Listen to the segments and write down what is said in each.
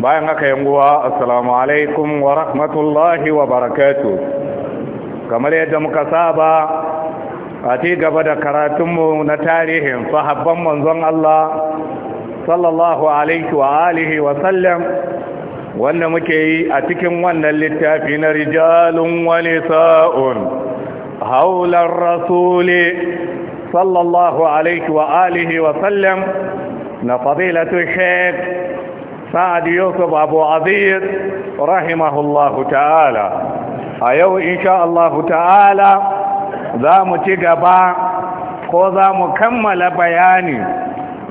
bayan haka yanguwa assalamu alaikum wa rahmatullahi wa barakatu kamar yadda muka saba a ci gaba da karatunmu na tarihin sahabban manzon Allah sallallahu alaihi wa alihi wa sallam wanda muke yi a cikin wannan littafi na rijalun wani sa'un haular rasuli sallallahu alaihi wa alihi wa sallam na fadilatu sheikh sa'ad yusuf abu azir rahimahullahu ta'ala a yau insha allahu ta'ala za mu ci gaba ko za mu kammala bayani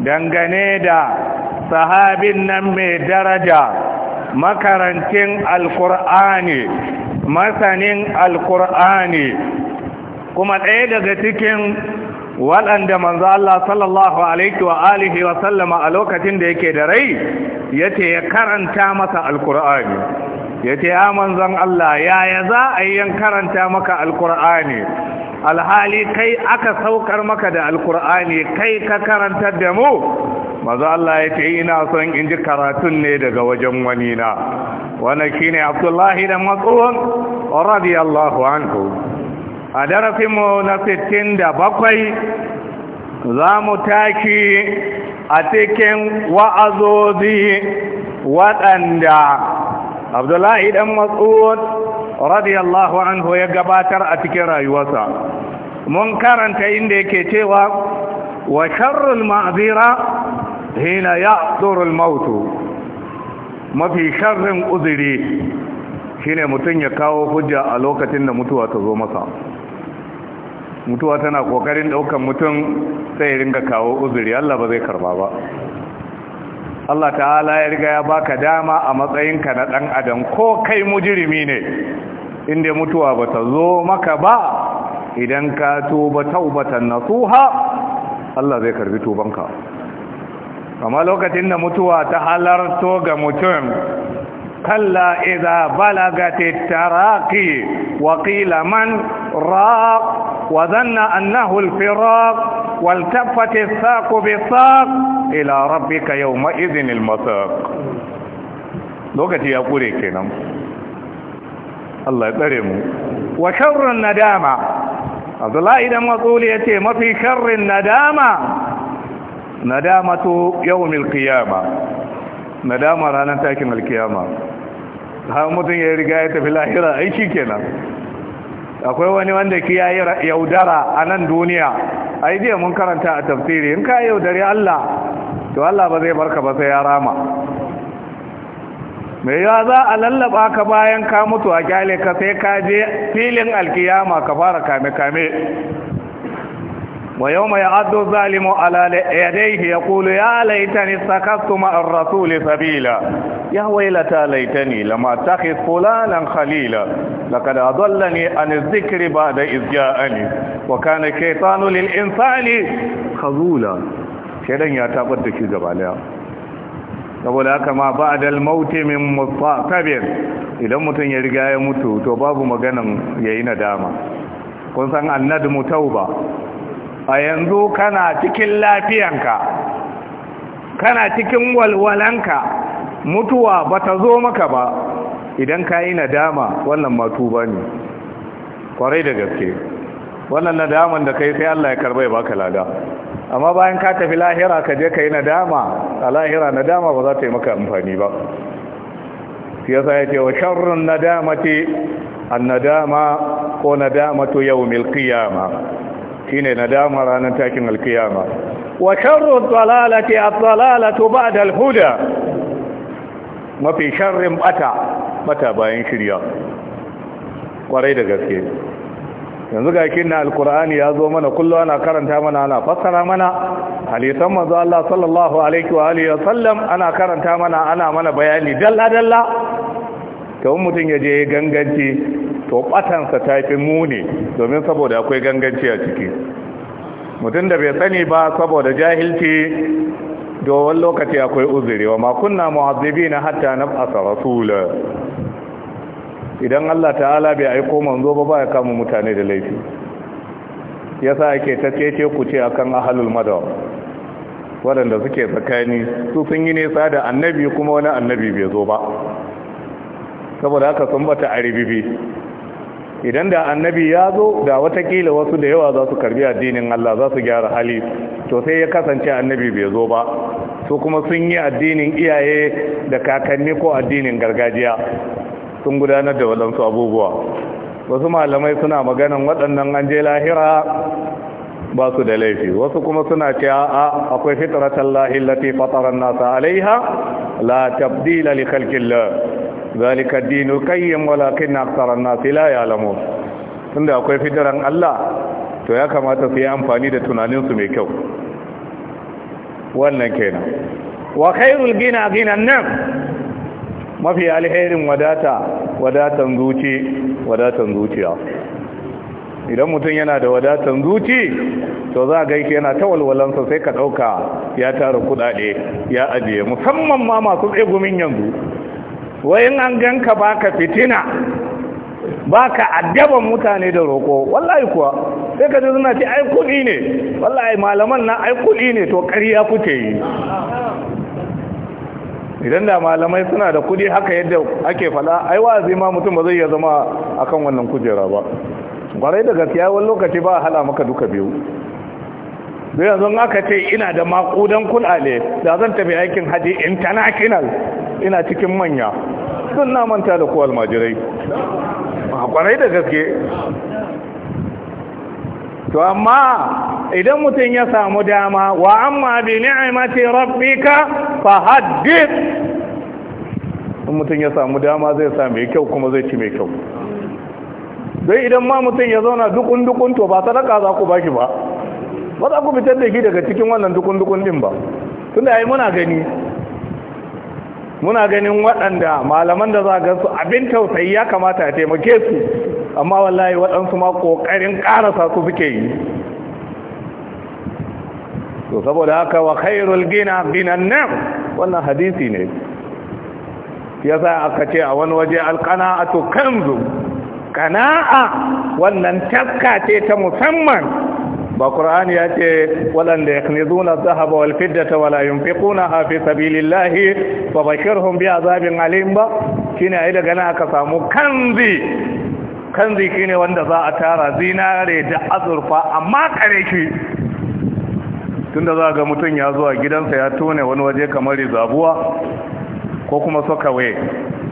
dangane da sahabin nan mai daraja makarantin alkur'ani masanin alkur'ani kuma ɗaya daga cikin waɗanda manzo Allah sallallahu alaihi wa alihi wa sallama a lokacin da yake da rai yace ya karanta masa alqur'ani yace ya manzon Allah yaya za a yi karanta maka alqur'ani alhali kai aka saukar maka da alqur'ani kai ka karantar da mu manzo Allah yace ina son in ji karatun ne daga wajen wani na wannan shine Abdullahi da Mas'ud radiyallahu anhu a darasinmu na 67 za mu tashi a cikin wa'azozi waɗanda abdullahi ɗan matsud radiyallahu anhu ya gabatar a cikin rayuwarsa mun karanta inda yake cewa wa sharrul ma'azira hina ya tsorul mautu mafi sharrin uzuri shine mutum ya kawo hujja a lokacin da mutuwa ta zo masa mutuwa tana kokarin daukan mutum sai ya ringa kawo uzuri Allah ba zai karba ba Allah ta'ala ya riga ya baka dama a matsayinka na dan adam ko kai mujirimi ne inda mutuwa ba ta zo maka ba idan ka tuba taubatan nasuha Allah zai karbi tubanka amma lokacin da mutuwa ta halarto ga mutum كلا إذا بلغت التراقي وقيل من راق وظن أنه الفراق والتفت الساق بالساق إلى ربك يومئذ المساق لوكتي يقولي كنا الله يكرمه وشر الندامة عبد الله إذا مطول ما في شر الندامة ندامة يوم القيامة Na dama ranar takin alkiyama har mutum ya riga ya tafi lahira aiki kenan akwai wani wanda ki ya yaudara a nan duniya ai jiya mun karanta a tafsiri in ka yaudari Allah to Allah ba zai barka ba sai ya rama Me yawa za a lallaba ka bayan ka mutu a kyale ka sai ka je filin alkiyama ka fara kame-kame ويوم يعد الظالم على يديه يقول يا ليتني اتخذت مع الرسول سبيلا يا ويلتى ليتني لم اتخذ فلانا خليلا لقد اضلني عن الذكر بعد اذ جاءني وكان الشيطان للانسان خذولا شيطان يا تابر دكي gaba saboda haka ma ba da almauti min musabir idan mutum ya riga ya mutu to babu maganan yayi nadama kun san annadmu tauba a yanzu kana cikin lafiyanka kana cikin walwalanka mutuwa ba ta zo maka ba idan ka yi nadama wannan matu ba ne kwarai da gaske wannan nadaman da kai sai Allah ya karba ya baka lada amma bayan ka tafi lahira ka je ka yi nadama a lahira nadama ba za ta yi maka amfani ba siyasa ya ce wa sharrun nadamati an nadama ko nadamatu yawmil milkiyama. na dama ranar takin alkiyama wa sharru dalalati ad-dalalatu ba'da da alhuda. mafi sharrin bata bata bayan shirya kwarai da gaske yanzu ga kin na alkur'ani ya zo mana kullum ana karanta mana ana fassara mana hadisan manzo Allah sallallahu alaihi wa alihi wa sallam ana karanta mana ana mana bayani dalla dalla to mutum ya je ya ganganci to batansa ta fi muni domin saboda akwai ganganci a ciki mutum da bai sani ba saboda jahilci dowon lokaci akwai uzuri wa makunna muhazzabi na hatta na fasa rasula idan Allah ta'ala bai aiko manzo ba ba ya kama mutane da laifi Ya yasa ake ta cece ku ce akan ahlul madaw waɗanda suke tsakani su sun yi nesa da annabi kuma wani annabi bai zo ba saboda haka sun bata a ribibi idan da annabi ya zo da watakila wasu da yawa za su karbi addinin Allah za su gyara hali to sai ya kasance annabi bai zo ba su kuma sun yi addinin iyaye da kakanni ko addinin gargajiya sun gudanar da waɗansu abubuwa wasu malamai suna maganin waɗannan an je lahira ba su da laifi wasu kuma suna ce a akwai fitratan lahi lati fataran nasa alaiha la tabdila li khalqillah zalika dinu qayyim walakin aktharun nas la ya'lamun tunda akwai fidaran Allah to ya kamata su yi amfani da tunanin su mai kyau wannan kenan wa khairul gina ginan nan mafi alherin wadata wadatan zuci wadatan zuciya idan mutum yana da wadatan zuci to za ga yake yana ta sa sai ka ɗauka ya tara kuɗaɗe ya ajiye musamman ma masu tsegumin yanzu wai an ganka baka fitina baka addaban mutane da roƙo wallahi kuwa sai ka ji suna ce ai kuɗi ne wallahi malaman na ai kuɗi ne to ƙarya kuke yi idan da malamai suna da kuɗi haka yadda ake faɗa ai wa'azi ma mutum ba zai iya zama akan wannan kujera ba gwarai da gaskiya wani lokaci ba a hala maka duka biyu sai yanzu aka ce ina da makudan kulale da zan tafi aikin haji international ina cikin manya sun na manta da ku almajirai a kwarai da gaske to amma idan mutum ya samu dama wa amma bi ni'imati rabbika fa haddith mutum ya samu dama zai sa mai kyau kuma zai ci mai kyau don idan ma mutum ya zauna dukun dukun to ba sadaka za ku baki ba ba za ku fitar da shi daga cikin wannan dukun-dukun din ba tunda yi muna gani muna ganin waɗanda malaman da za a su abin tausayi ya kamata a taimake su amma wallahi waɗansu ma ƙoƙarin ƙarasa su suke yi to saboda haka wa khairul gina binan nan wannan hadisi ne yasa aka ce a wani waje alqana'atu kanzu ƙana'a wannan taska ce ta musamman ba qur'ani ya ce waɗanda yaknizuna zuna wal fiddata ta yunfiqunaha fi sabilillahi fa bashirhum bi azabin alim ba shine ai daga nan aka samu kanzi kanzi ne wanda za a tara zinare da azurfa amma kare shi tunda za ga mutum ya zuwa gidansa ya tone wani waje kamar zabuwa ko kuma sokawe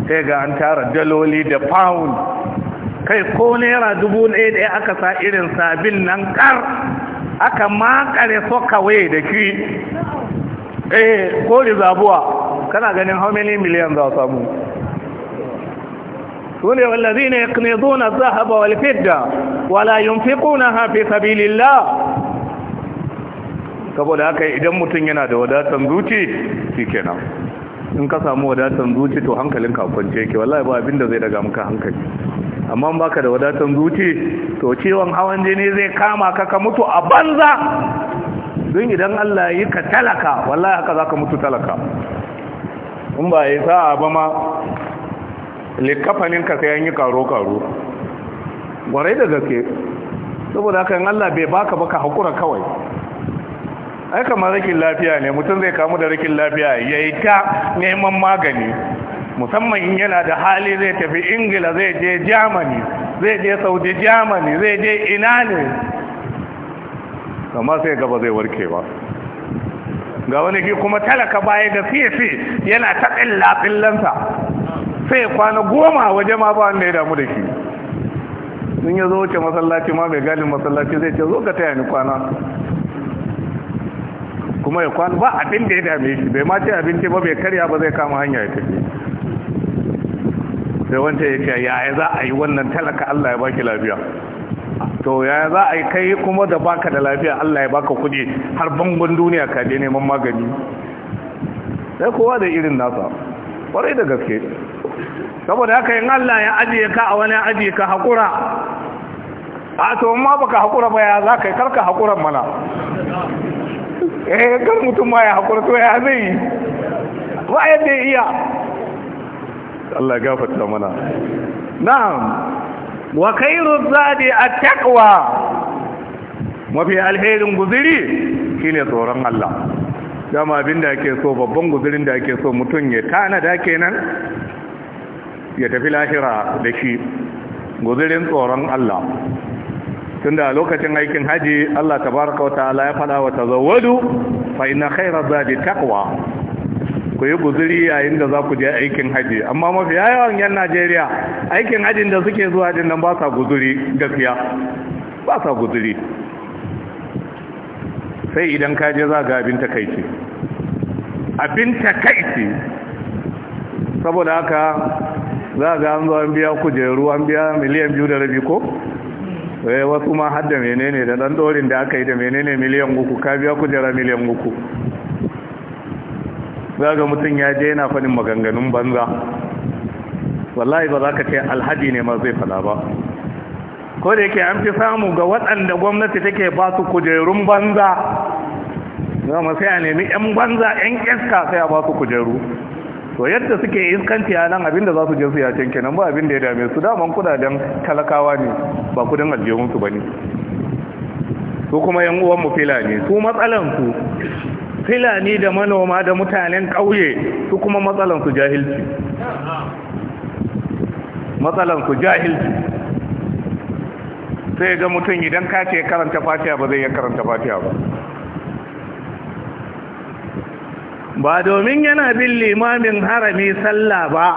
sai ga an tara daloli da pound kai ko naira dubu ɗaya ɗaya aka sa irin sabin nan kar aka makare so kawai da ki eh ko rizabuwa kana ganin how many million za samu sune wallazina yaqniduna adh-dhahaba wal fidda wala yunfiqunaha fi sabilillah saboda haka idan mutum yana da wadatan zuci shikenan in ka samu wadatan zuci to hankalinka kwance yake wallahi ba abinda zai daga maka hankali amma baka da wadatan zuci to ciwon hawan jini zai kama ka ka mutu a banza don idan Allah yi ka talaka wallahi haka zaka mutu talaka in ba yi sa'a ba ma likafanin ka sai an yi karo karo gwarai da gaske saboda haka in Allah bai baka baka hakura kawai ai kamar rikin lafiya ne mutum zai kamu da rikin lafiya ya yi ta neman magani musamman in yana da hali zai tafi ingila zai je germany zai je saudi germany zai je ina ne amma sai gaba zai warke ba ga wani shi kuma talaka baya da fiye yana ta tsilla-tsillansa sai kwana goma waje ma ba wanda ya damu da shi sun ya zo ce masallaci ma mai galin masallaci zai ce zo ka taya ni kwana kuma ya kwana ba abin da ya dame shi bai ma ce abinci ba bai karya ba zai kama hanya ya tafi sai wanda ya ce yaya za a yi wannan talaka Allah ya baki lafiya to yaya za a yi kai kuma da baka da lafiya Allah ya baka kuɗi har bangon duniya ka je neman magani sai kowa da irin nasa kwarai da gaske saboda haka yin Allah ya ajiye ka a wani ajiye ka haƙura a to ma baka haƙura ba ya za ka yi karka haƙuran mana eh kar mutum ma ya haƙura to ya zai yi ba yadda ya iya Allah gafarta mana na'am wa khairu zadi at-taqwa mafi alherin guziri shine tsoron Allah dama abinda yake so babban guzirin da ake so mutum ya tana kenan ya tafi lahira da shi guzirin tsoron Allah tunda lokacin aikin haji Allah tabaraka wa ta'ala ya fada wa tazawwadu fa inna khayra zadi taqwa ku yi guzuri yayin da za ku je aikin haji amma mafi yawan yan najeriya aikin hajin da suke zuwa din nan ba sa guzuri gaskiya ba sa guzuri sai idan ka je za ga abin takaici abin takaici saboda haka za ga an zo an biya kujeru an biya miliyan biyu da rabi ko wai eh, wasu ma hadda menene da dan dorin da aka yi da menene miliyan uku ka biya kujera miliyan uku za ga mutum ya je yana fanin maganganun banza wallahi ba za ka ce alhaji ne ma zai fada ba ko da yake an fi samu ga waɗanda gwamnati take ba su kujerun banza mu sai a nemi 'yan banza 'yan iska sai a ba su kujeru to yadda suke iskanci a nan abinda za su je su yacen kenan ba abinda ya dame su daman kudaden talakawa ne ba kudin aljihunsu ba ne su kuma yan uwan mu fila ne su matsalansu filani da manoma da mutanen ƙauye su kuma matsalansu jahilci matsalansu jahilci sai ga mutum idan ka ce karanta fatiya ba zai yi karanta fatiya ba ba domin yana bin limamin harami sallah ba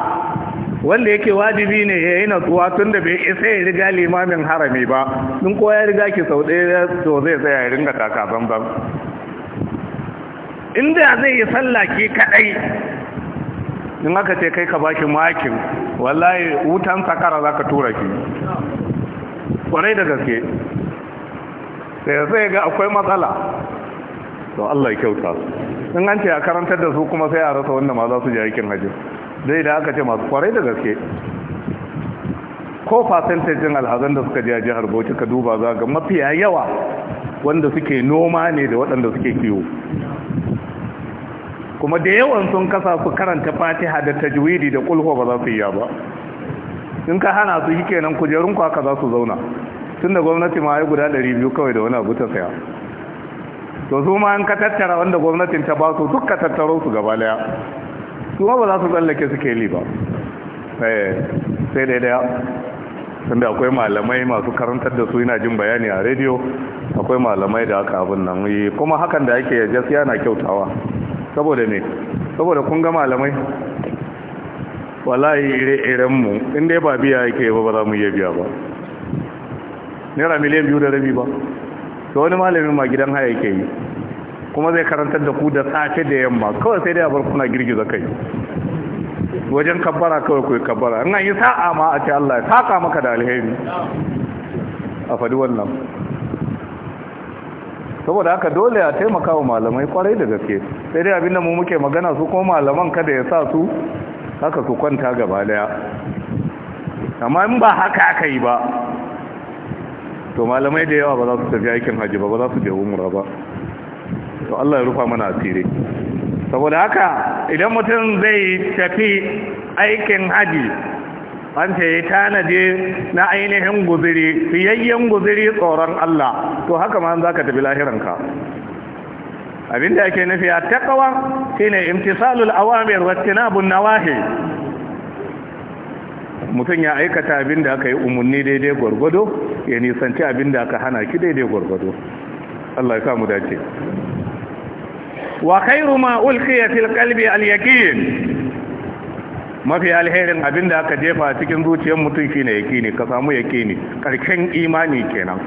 wanda yake wajibi ne ya yi natsuwa tun da bai isa ya riga limamin harami ba ɗin ko ya riga ki sau ɗaya to zai tsaya ya ringa taka banban inda zai yi sallah ke kadai in aka ce kai ka bashi makin wallahi wutan sakara zaka tura ki kwarai da gaske sai sai ga akwai matsala to Allah ya kyauta in an ce a karantar da su kuma sai a rasa wanda ma za su je aikin hajji dai da aka ce masu kwarai da gaske ko fasentajin alhazan da suka je jihar bauchi ka duba za ga mafiya yawa wanda suke noma ne da waɗanda suke kiwo kuma da yawan sun kasa su karanta fatiha da tajwidi da kulhu ba za su yi ba in ka hana su shikenan kujerun ku haka za su zauna Tun da gwamnati ma ai guda 200 kawai da wani abu ta saya to su ma an ka tattara wanda gwamnatin ta ba su ka tattaro su gaba daya su ma ba za su tsallake su keli ba eh, sai dai daya da akwai malamai masu karantar da su ina jin bayani a rediyo akwai malamai da aka abin nan eh, kuma hakan da ake gaskiya na kyautawa saboda ne saboda kun ga malamai wallahi ire-iren mu inda ba biya yake ba ba za mu iya biya ba naira miliyan biyu da rabi ba to wani malamin ma gidan haya yake yi kuma zai karantar da ku da safe da yamma kawai sai dai a bar kuna girgiza kai wajen kabbara kawai ku kabbara in an yi sa'a ma a ce Allah ya saka maka da alheri a faɗi wannan saboda haka dole a taimaka wa malamai kwarai da gaske sai dai da mu muke magana su ko malaman kada ya sa su haka su kwanta gaba daya amma in ba haka aka yi ba to malamai da yawa ba za su tafi aikin hajji ba ba za su je umra ba to Allah ya rufa mana asiri saboda haka idan mutum zai tafi aikin haji, an ce ya tanaje na ainihin guziri fiyayyen guziri tsoron Allah to haka ma za ka tafi lahiranka Abin abinda yake nufi a taqwa shine imtisalul awamir wa tinabun nawahi mutum ya aikata abin da aka yi umarni daidai gwargwado ya nisanci da aka hana ki daidai gwargwado Allah ya sa dace wa khairu ma ulqiya fil qalbi al yaqin mafi alherin abin da aka jefa cikin zuciyar mutum shine yaqini ka samu yaqini karken imani kenan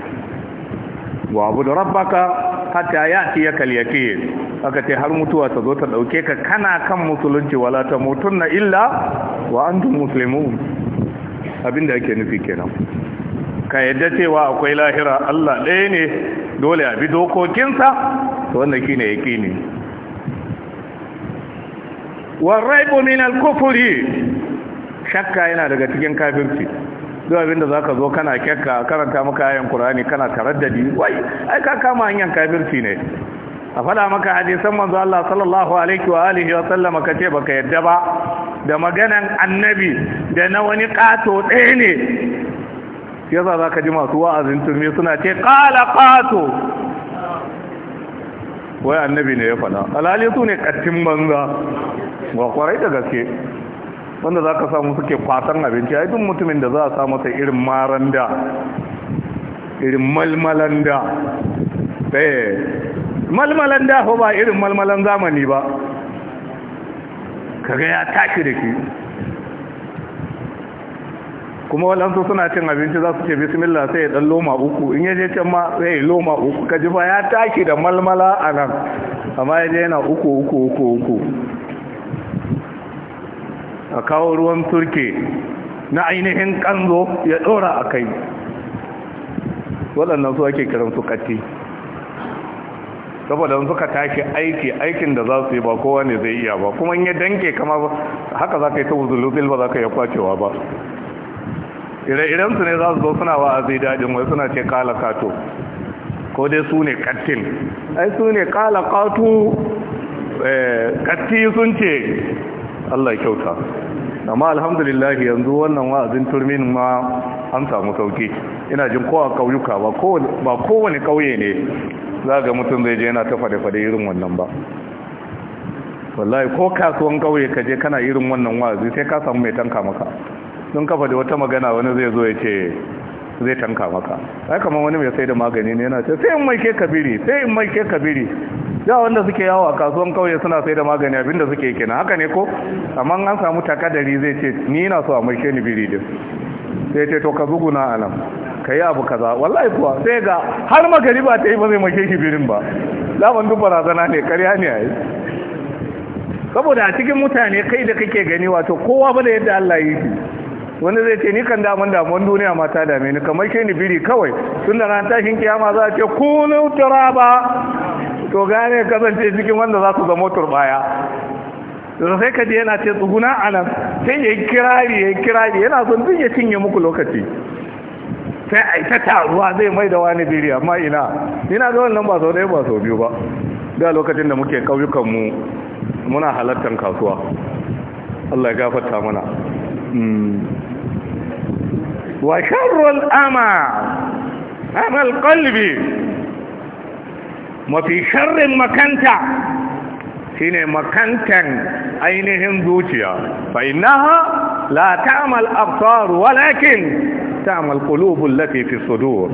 wa abu da rabbaka hatta ya ci ya kalyake aka ce har mutuwa ta zo ta dauke ka kana kan musulunci wala ta mutunna illa wa antum muslimun abinda yake nufi kenan ka yadda cewa akwai lahira Allah ɗaya ne dole a bi dokokinsa wannan shine yaqini raibu min al-kufri shakka yana daga cikin kafirci duk abinda za ka zo kana kyakka karanta maka ayan kur'ani kana taraddadi wai ai ka kama hanyar kafirci ne a faɗa maka hadisan manzo Allah sallallahu alaihi wa alihi wa sallam ka ce baka yadda ba da maganan annabi da na wani ƙato ɗaya ne yasa za ka ji masu wa'azin turmi suna ce ƙala ƙato wai annabi ne ya faɗa alhali su ne ƙattin banza kwarai da gaske wanda za ka samu suke fatan abinci ya duk mutumin da za a samu sai irin maranda irin malmalanda ɗaya eh, malmalanda ko ba irin malmalan zamani ba kaga ya tashi da ke kuma waɗansu suna cin abinci za su ce bismillah sai ya ɗan loma uku in yaje can ma sai ya loma uku ka ji ba ya tashi da malmala a nan amma yaje yana uku uku uku uku a kawo ruwan turke na ainihin kanzo ya dora a kai waɗannan su ake kiran su kati saboda suka tashi aiki aikin da za su yi ba kowa ne zai iya ba kuma in ya danke kama haka za ka yi ta wuzuluzil ba za ka yi kwacewa ba ire-irensu ne za su zo suna wa'azi dajin wai suna ce kala kato ko dai su ne kattin ai su ne kala kato eh, katti sun ce Allah kyauta amma alhamdulillah yanzu wannan wa'azin turmin ma an samu sauki ina jin kowa kauyuka ba kowane kauye ne za ga mutum zai je yana ta fade-fade irin wannan ba wallahi ko kasuwan kauye ka je kana irin wannan wa'azi sai ka samu mai tanka maka don kafa da wata magana wani zai zo ya ce zai tanka maka ai kamar wani mai sai da magani ne yana ce sai in mai ke kabiri sai in mai ke kabiri da wanda suke yawo a kasuwan kauye suna sai da magani abinda suke kenan haka ne ko amma an samu takadari zai ce ni na so a maishe ni biri din sai ce to ka zuguna alam ka yi abu kaza wallahi kuwa sai ga har magari ba ta yi ba zai maishe shi birin ba laban duk barazana ne karya ne a yi saboda a cikin mutane kai da kake gani wato kowa ba da yadda Allah yi shi wanda zai ce ni kan damun damuwan duniya ma ta dame ni kamar ke ni biri kawai tun da ran tashin kiyama za a ce kunu turaba to gane kasance cikin wanda za su zama turbaya da sai ka yana ce tsuguna a nan sai ya yi kirari ya yi kirari yana son duk ya cinye muku lokaci sai a yi ta taruwa zai mai da wani biri amma ina ina ga wannan ba sau ɗaya ba sau biyu ba da lokacin da muke ƙauyukanmu muna halartar kasuwa Allah ya gafarta mana hmm. wa sharrul ama amal qalbi mafi sharrin makanta shine makantan ainihin zuciya fa innaha la ta'mal absar walakin ta'mal qulub allati fi sudur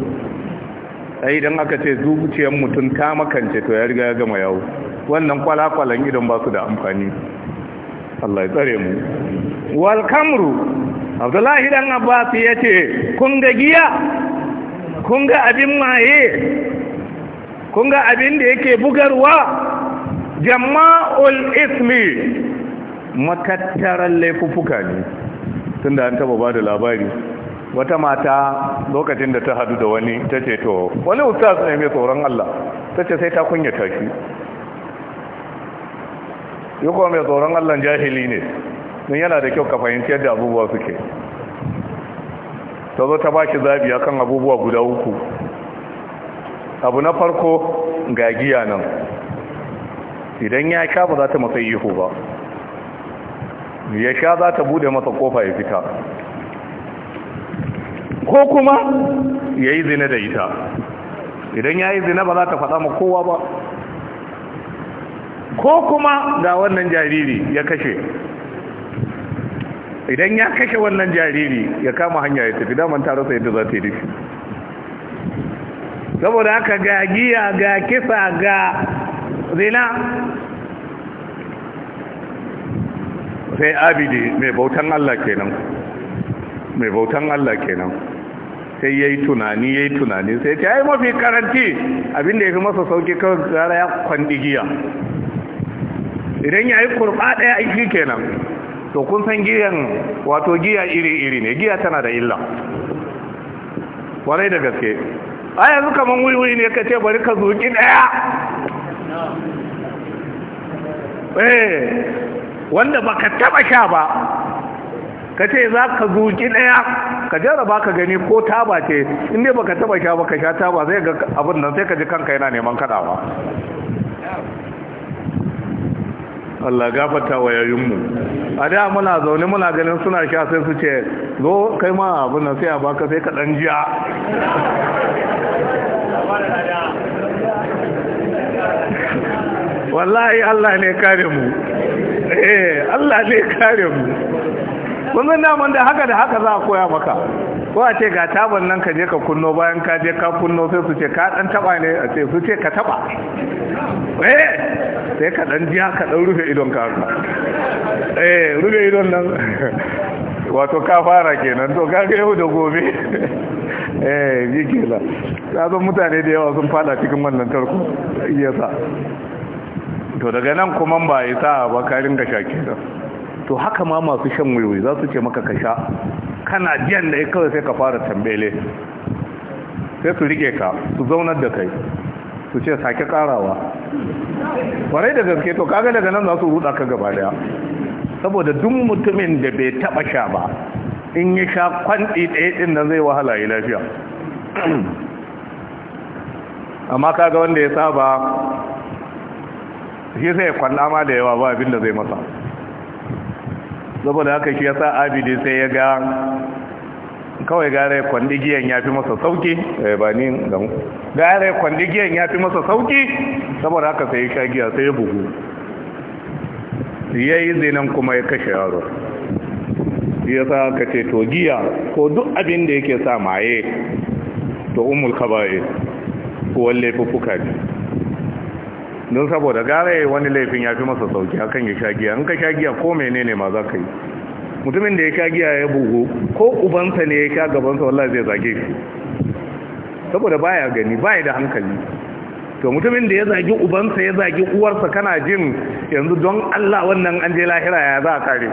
sai idan aka ce zuciyar mutum ta makance to ya riga ya gama yau. wannan kwalakwalan idan ba su da amfani Allah ya tsare mu wal kamru Abdullahi dan Abbas yace kun ga giya kun ga abin maye kun ga abin da yake bugarwa jama'ul ismi makattaran laifuffuka ne tun da an taba ba da labari wata mata lokacin da ta hadu da wani ta ce to wani ustaz ne mai tsoron Allah ta ce sai ta kunyata shi yi mai tsoron Allah jahili ne don yana da kyau ka fahimci yadda abubuwa suke ta zo ta ba shi zabi akan abubuwa guda uku abu na farko ga giya nan idan ya sha ba za ta masa ihu ba ya sha za ta bude masa kofa ya fita ko kuma ya yi zina da ita idan ya yi zina ba za ta faɗa ma kowa ba ko kuma ga wannan jariri ya kashe idan ya kashe wannan jariri ya kama hanya ya tafi daman tarasa yadda za ta yi dashi saboda haka ga giya ga kisa ga zina sai abidi mai bautan Allah kenan mai bautan Allah kenan sai yayi tunani yayi tunani sai ya yi mafi karanti abinda ya fi masa sauki kawai tsara ya kwandi giya idan ya yi kurɓa ɗaya aiki kenan to kun san giyan wato giya iri-iri ne giya tana da illa kwarai da gaske a yanzu kamar wuri ne ka ce bari ka zuki ɗaya eh, wanda ba ka taɓa sha ba ka ce za ka zuki ɗaya ka jarraba ka gani ko taba ce inda ba ka taɓa sha ba ka sha taba zai ga abin nan sai ka ji kanka yana neman kaɗawa Allah gafata wa yayinmu a da muna zaune muna ganin suna sha sai su ce zo kai ma abin nan sai a baka sai kaɗan jiya wallahi Allah ne kare mu eh Allah ne kare mu kun san da haka da haka za a koya maka ko a ce ga taban nan ka je ka kunno bayan ka je ka kunno sai su ce ka dan taba ne a ce su ce ka taba eh sai ka dan jiya ka dan rufe idon ka haka eh rufe idon nan wato ka fara kenan to ka ga yau da gobe eh ji kenan sabon mutane da yawa sun fada cikin wannan tarko yasa to daga nan kuma ba ya sa ba ka ringa shakira to haka ma masu shan wiwi za su ce maka ka sha kana jiyan da kawai sai ka fara tambele sai su rike ka su zaunar da kai su ce sake karawa kwarai da gaske to kaga daga nan za su ruda ka gaba daya saboda duk mutumin da bai taba sha ba in yi sha kwanɗi ɗaya ɗin nan zai wahala ya lafiya amma kaga wanda ya saba shi sai ya ma da yawa ba abinda zai masa saboda haka shi ya sa abidi sai ya ga kawai gare kwandigiyan ya fi masa sauki eh, ba ni gare kwandigiyan ya fi masa sauki saboda haka sai ya shagiya sai ya bugu ya yi zinan kuma ya kashe yaro ya sa ka ce to giya ko duk abin da yake sa maye to umul kaba'i ko wallafi fuka ne don saboda gara ya wani laifin ya fi masa sauki akan ya sha giya in ka sha giya ko menene ma za ka yi mutumin da ya sha giya ya bugu ko ubansa ne ya sha gabansa wallah zai zage shi saboda baya gani baya da hankali to mutumin da ya zagi ubansa ya zagi uwarsa kana jin yanzu don Allah wannan an je lahira ya za a kare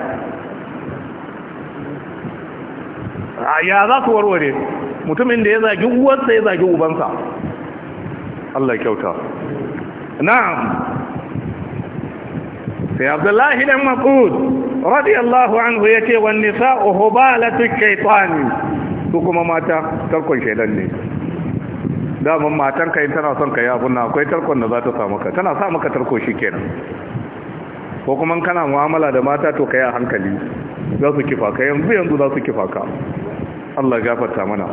ya za su warware mutumin da ya zagi uwarsa ya zagi ubansa Allah kyauta na'am sai abdullahi dan maqud radiyallahu anhu yace wan nisa'u hubalatu shaytani su kuma mata tarkon shaydan ne daman matan kai tana son kai abun nan akwai tarkon da za samu ka tana sa maka tarko shikenan ko kuma mu'amala da mata to kai a hankali za su kifa ka yanzu yanzu za su kifa ka Allah gafarta mana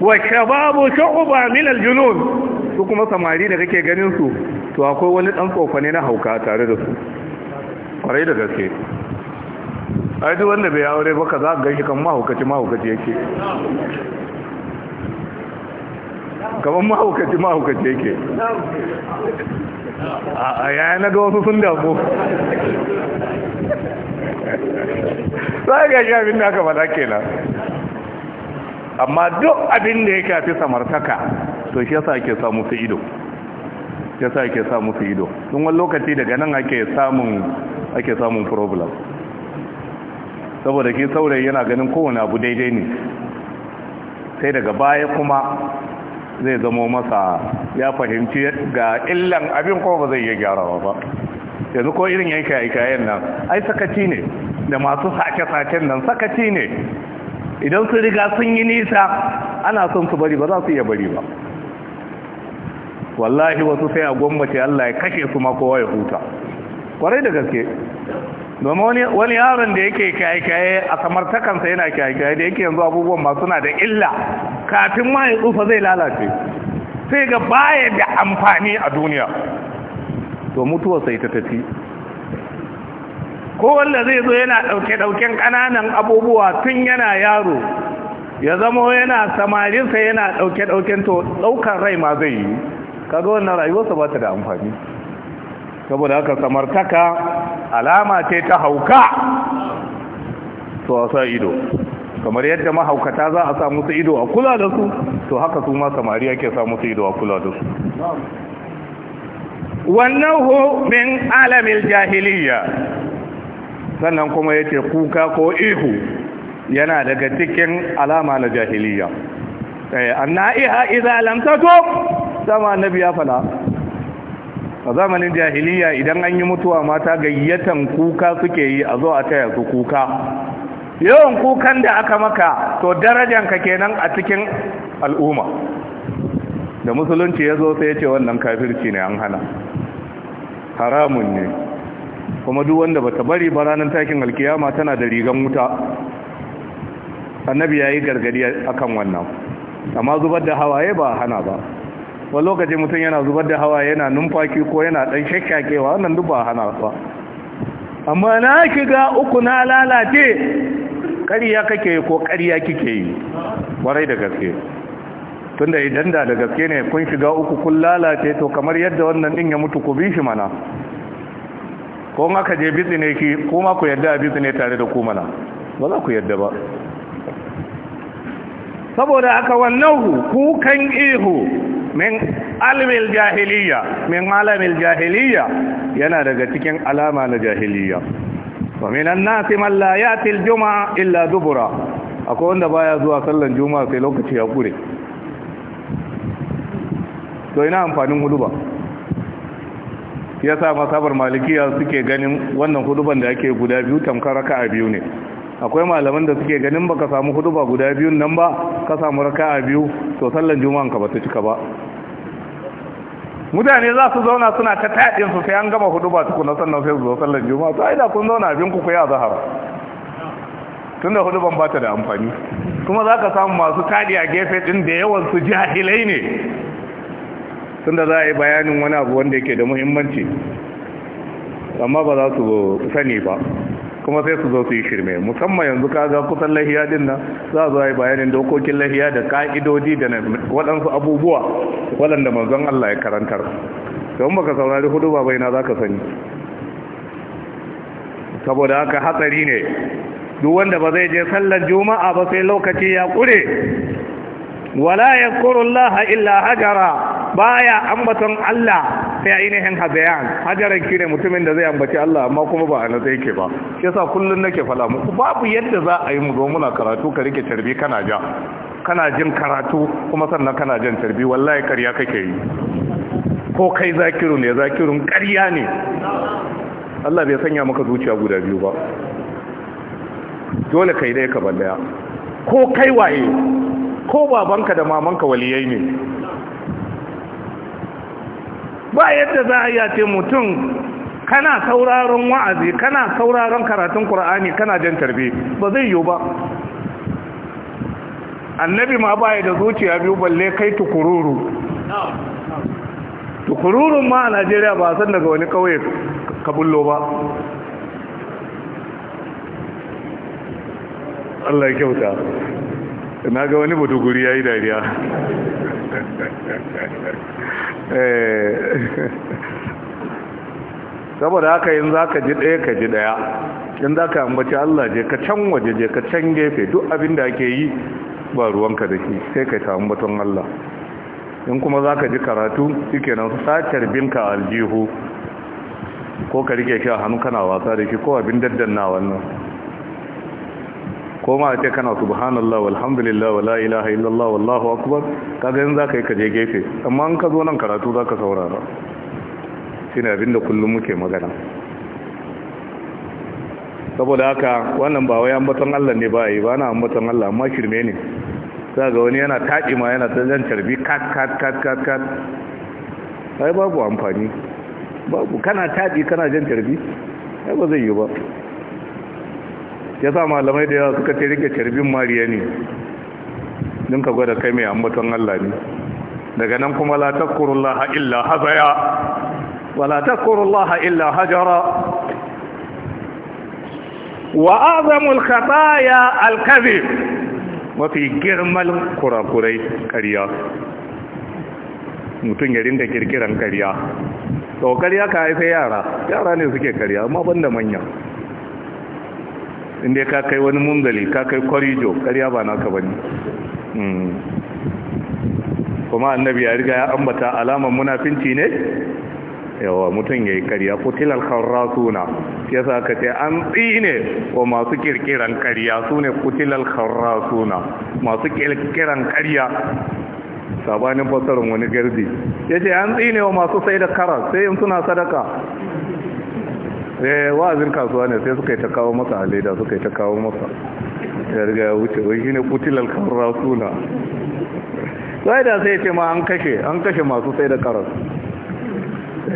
wa shababu shu'ba min al su kuma samari da kake ganin su to akwai wani dan tsofane na hauka tare da su kwarai da gaske ai duk wanda bai aure ba ka za ka gashi kan mahaukaci mahaukaci yake kamar mahaukaci mahaukaci yake a yaya na ga wasu sun damu za ka gashi abin da aka faɗa kenan amma duk abin da ya fi samartaka to shi yasa ake samu su ido yasa ake samu su ido tun wani lokaci daga nan ake samun ake samun problem saboda ke saurayi yana ganin kowane abu daidai ne sai daga baya kuma zai zamo masa ya fahimci ga illan abin kuma ba zai iya gyarawa ba yanzu ko irin yanke aikayen nan ai sakaci ne da masu sake-saken nan sakaci ne idan su riga sun yi nisa ana son su bari ba za su iya bari ba wallahi wasu sai a gwammace Allah ya kashe su ma kowa ya huta kwarai da gaske domin wani yaron da yake kyakkyaye a samartakansa yana kyakkyaye da yake yanzu abubuwan ma suna da illa kafin ma ya tsufa zai lalace sai ga baya da amfani a duniya to mutuwa sai ta tafi ko wanda zai zo yana ɗauke-ɗauken ƙananan abubuwa tun yana yaro ya zama yana samarinsa yana ɗauke-ɗauken to ɗaukar rai ma zai yi kaga wannan rayuwarsa ba ta da amfani saboda haka samartaka alama ce ta hauka to a sa ido kamar yadda mahaukata za a sa musu ido a kula da su to haka su ma samari yake sa musu ido a kula da su wannan hu min alamil jahiliya sannan kuma yake kuka ko ihu yana daga cikin alama na jahiliya eh, anna'iha idza lam tatub Sama annabi ya fada a zamanin jahiliya idan an yi mutuwa mata gayyatan kuka suke yi a zo a taya su kuka yawan kukan da aka maka to darajanka kenan a cikin al'umma da musulunci ya zo sai ya ce wannan kafirci ne an hana haramun ne kuma duk wanda bata bari ba ranar takin alkiyama tana da rigan wuta annabi ya yi gargadi akan wannan amma zubar da hawaye ba hana ba wa lokacin mutum yana zubar da hawa yana numfaki ko yana dan shakkakewa wannan duk ba hana ba amma na kiga uku na lalace ƙarya kake ko ƙarya kike yi warai da gaske tunda idan da da gaske ne kun shiga uku kun lalace to kamar yadda wannan din ya mutu ku bi shi mana ko aka je bitsi ne ki ko ma ku yadda a bitsi tare da ku mana ba za ku yadda ba saboda aka wallahu kukan ihu min almil jahiliya min alamil jahiliya yana daga cikin alama na jahiliya wa minan nasi man la yati aljum'a illa dubura akwai wanda baya zuwa sallan juma'a sai lokaci ya kure to ina amfanin huduba yasa masabar malikiya suke ganin wannan huduban da ake guda biyu tamkar raka'a biyu ne akwai malaman da suke ganin baka samu hudu ba guda biyun nan ba ka samu raka'a biyu to sallan juma'an ka ba ta cika ba mutane za su zauna suna ta taɗin su sai an gama hudu ba tukuna sannan sai su zo sallan juma'a to ai da kun zauna abin ku a zahar tunda hudu ban bata da amfani kuma za ka samu masu taɗi a gefe ɗin da yawan su jahilai ne tunda za a yi bayanin wani abu wanda yake da muhimmanci amma ba za su sani ba kuma sai su zo su yi shirme musamman yanzu kaga kusan lahiya din nan za a zo yi bayanin dokokin lahiya da ka'idodi da waɗansu abubuwa waɗanda manzon Allah ya karantar don baka saurari hudu ba bai na za ka sani saboda haka hatsari ne duk wanda ba zai je sallar juma'a ba sai lokaci ya kure wala yakurullaha illa hajara baya ambaton Allah sai ainihin hadayan hajaran ki ne mutumin da zai ambaci Allah amma kuma ba a zai ke ba shi sa kullum nake fala muku babu yadda za a yi mu zo muna karatu ka rike tarbi kana ja kana jin karatu kuma sannan kana jin tarbi wallahi karya kake yi ko kai zakiru ne zakirun karya ne Allah bai sanya maka zuciya guda biyu ba dole kai dai ka ballaya ko kai waye ko babanka da mamanka waliyai ne ba yadda za a yace mutum kana sauraron wa'azi kana sauraron karatun Kur'ani kana jan tarbi ba zai yiwu ba annabi ma baya da zuciya biyu balle kai tukururu tukururun ma a najeriya ba san daga wani kauye kabullo ba allah kyauta na ga wani buduguri ya yi dariya Eh. saboda haka yin za ka ji ɗaya ka ji ɗaya yin za ka ambaci Allah je ka can waje je ka can gefe duk abin da ake yi ba ruwanka da shi sai ka ta ambaton Allah yin kuma za ka ji karatu shi nan sacar binka aljihu ko ka rike shi a hannu kana wasa da shi ko abin daddannawa wannan ko ma a ce kana subhanallah walhamdulillah wala ilaha illallah wallahu akbar kaga yanzu zaka yi ka je gefe amma an ka zo nan karatu zaka saurara shine abinda kullum muke magana saboda haka wannan ba wai ambaton Allah ne ba yi ba na ambaton Allah amma shirme ne za ga wani yana taƙi ma yana ta zan carbi kat kat kat kat kat ai babu amfani babu kana taƙi kana jan tarbi ai ba zai yi ba ya sa malamai da yawa suka ce rike carbin mariya ne don ka gwada kai mai ambaton Allah ne daga nan kuma la takurullaha illa hazaya wa la takurullaha illa hajara wa azamul khataya alkazib mafi girman kurakurai kariya mutum ya rinda kirkiran kariya to ya ka haife yara yara ne suke kariya amma da manya inda ka kai wani mungali ka kai kwarijo ƙarya ba naka bane hmm. kuma annabi ya riga ya ambata alaman munafinci ne yawa mutum ya yi ƙarya futilar kharrasuna ya sa ka ce an tsine wa masu kirkiran ƙarya su ne futilar suna masu kirkiran karya. sabanin fasarin wani gardi ya ce an tsine wa masu sai da karas sai yin suna sadaka sai wa'azin kasuwa ne sai suka yi ta kawo masa halida suka yi ta kawo masa ya riga ya wuce wai shi ne kutilal karra suna sai da sai ce ma an kashe an kashe masu sai da karas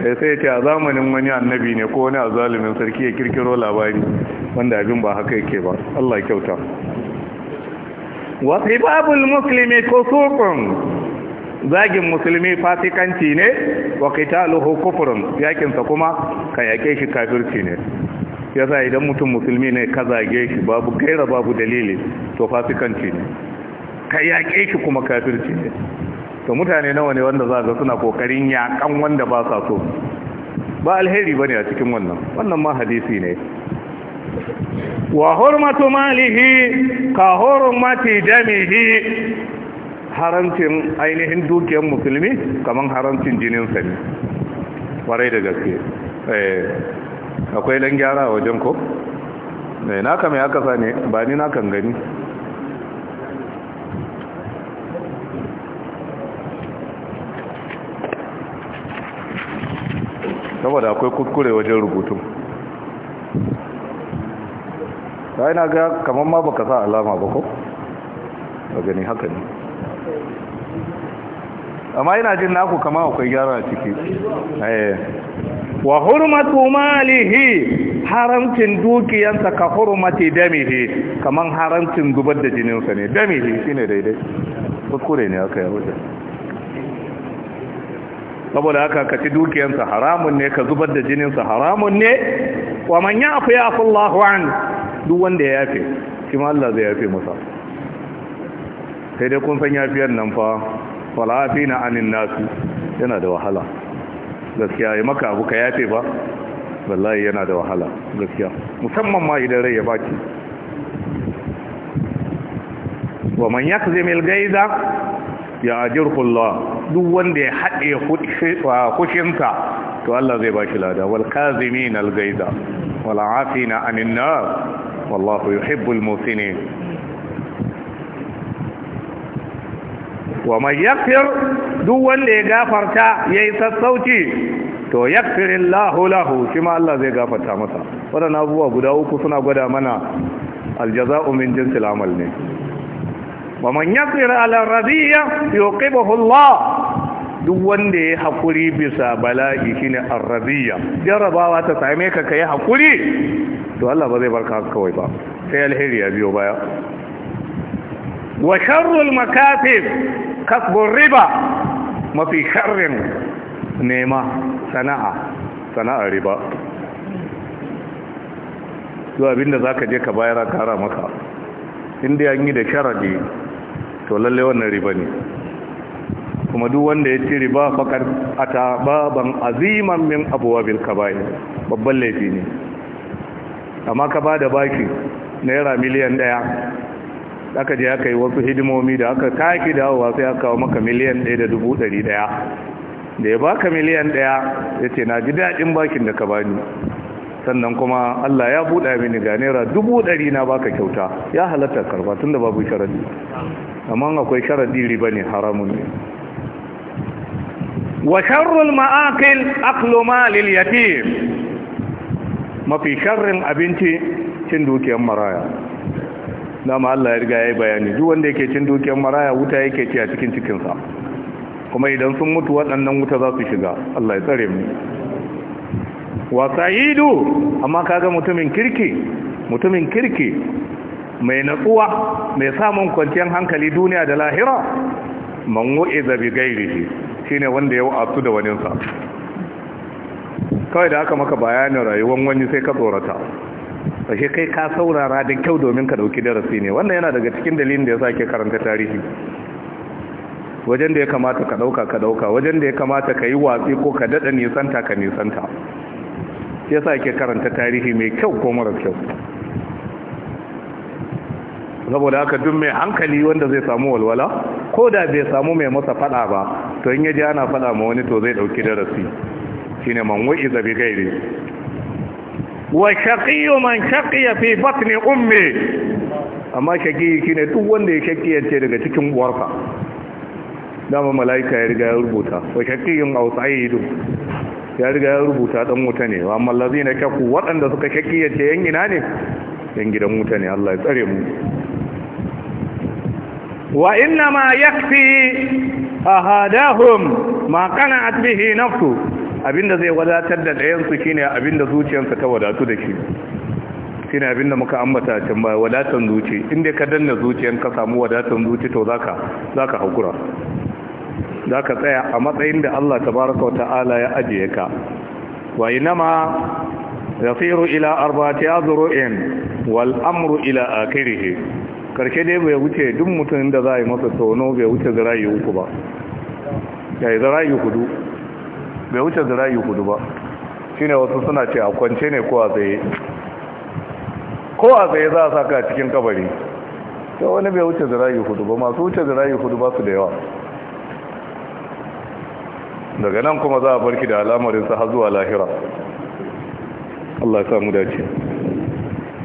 eh, sai ce a zamanin wani annabi ne ko wani zalimin sarki ya kirkiro labari wanda abin ba haka yake ba Allah kyauta wa babul muslimi ko sukun zagin musulmi fasikanci ne wa qitaluhu kufrun yakin sa kuma ka yake shi kafirci ne yasa idan mutum musulmi ne ka zage shi babu gaira babu dalili to fasikanci ne ka yaƙe shi kuma kafirci ne to mutane nawa ne wanda za suna kokarin yaƙan wanda ba sa so ba alheri bane a cikin wannan wannan ma hadisi ne wa hurmatu malihi ka hurmati damihi haramcin ainihin dukiyar musulmi kamar haramcin jininsa ne kwarai da gaske eh, akwai dan gyara a wajen ko mai eh, naka mai aka sa ne ba ni nakan gani saboda akwai kuskure wajen rubutun ta yi na ga kamar ma baka sa alama ba ko? ba gani haka ne amma ina jin naku kama akwai gyara a ciki eh. wa hurmatu malihi haramcin dukiyansa ka hurmati damihi kaman haramcin zubar da jininsa ne damihi shine daidai kuskure ne aka yawo da saboda haka ka ci dukiyansa haramun ne ka zubar da jininsa haramun ne wa man yafi yafi Allahu an duk wanda ya yafe shi ma Allah zai yafe masa sai dai kun san yafiyar nan fa wal'afina anin nasu yana da wahala gaskiya ya maka abu ka yafe ba wallahi yana da wahala gaskiya musamman ma idan rai ya baki wa man yakzimil gaiza ya ajirhu Allah duk wanda ya hade kushinsa to Allah zai ba lada wal kazimin al gaiza wal afina anin nar wallahu yuhibbul musinin wa man yaghfir duk wanda ya gafarta yayi sassauci to yaghfirillahu lahulahu shi ma Allah zai gafarta masa wannan abubuwa guda uku suna gwada mana aljaza'u min jinsil amal ne wa man yaghfir ala Yau yuqibuhu duk wanda ya hakuri bisa bala'i ne arrabiya jarrabawa ta same ka kai hakuri to Allah ba zai barka kawai ba sai alheri ya biyo baya wa sharrul makasib kasbun riba mafi sharrin nema sana'a sana'a riba zuwa abinda za ka je ka bayar a kara maka inda an yi da sharadi to lalle wannan riba ne kuma duk wanda ya ci riba fakar ata baban aziman min abuwa bil kaba'i babban laifi ne amma ka bada baki naira miliyan daya aka je aka yi wasu hidimomi da aka da dawowa sai aka kawo maka miliyan ɗaya da dubu ɗari ɗaya da ya baka miliyan ɗaya ya ce na ji daɗin bakin da ka bani sannan kuma Allah ya buɗa mini ga naira dubu ɗari na baka kyauta ya halatta karba da babu sharadi amma akwai sharadi riba ne haramun ne wa sharrul ma'akil aklu lil yatim mafi sharrin abinci cin dukiyar maraya dama Allah ya riga ya yi bayani duk wanda yake cin dukiyar maraya wuta yake ci a cikin cikinsa kuma idan sun mutu waɗannan wuta za su shiga Allah ya tsare mu wa sa'idu amma kaga mutumin kirki mutumin kirki mai natsuwa mai samun kwanciyar hankali duniya da lahira man wa'iza bi ghairihi shine wanda ya wa'atu da waninsa kawai da aka maka bayanin rayuwar wani sai ka tsorata ashe kai ka saurara da kyau domin ka dauki darasi ne wannan yana daga cikin dalilin da ya sake karanta tarihi wajen da ya kamata ka dauka ka dauka wajen da ya kamata ka yi watsi ko ka dada nisanta ka nisanta ya sake karanta tarihi mai kyau ko mara kyau saboda haka dun mai hankali wanda zai samu walwala ko da bai samu mai masa fada ba to in ya ji ana fada ma wani to zai dauki darasi shine man wa'iza bi gairi wa shaqiyyu man shaqiya fi batni ummi amma shaqiyi ne duk wanda ya shaqiyance daga cikin uwarka dama malaika ya riga ya rubuta wa shaqiyun aw sa'idu ya riga ya rubuta dan wuta ne wa? amma allazina shaqu waɗanda suka shaqiyance yan ina ne yan gidan wuta ne Allah ya tsare mu wa inna ma yakfi ahadahum ma qana'at bihi nafsu abinda zai wadatar da ɗayansu shine abinda zuciyarsa ta wadatu da shi shine abinda muka ambata can ba wadatan zuci inda ka danna zuciyar ka samu wadatan zuci to zaka zaka Za zaka tsaya a matsayin da Allah tabaraka wa ta'ala ya ajiye ka wa inama yasiru ila arba'ati azru'in wal amru ila akhirih karshe dai bai wuce duk mutumin da za a yi masa tono bai wuce zirayi uku ba ya yi zirayi hudu bai wuce zirayi hudu ba shi ne wasu suna ce a kwance ne ko a tsaye ko a tsaye za a saka cikin kabari to wani bai wuce zirayi hudu ba masu wuce zirayi hudu ba su da yawa daga nan kuma za a barki da al'amarinsa har zuwa lahira Allah ya samu dace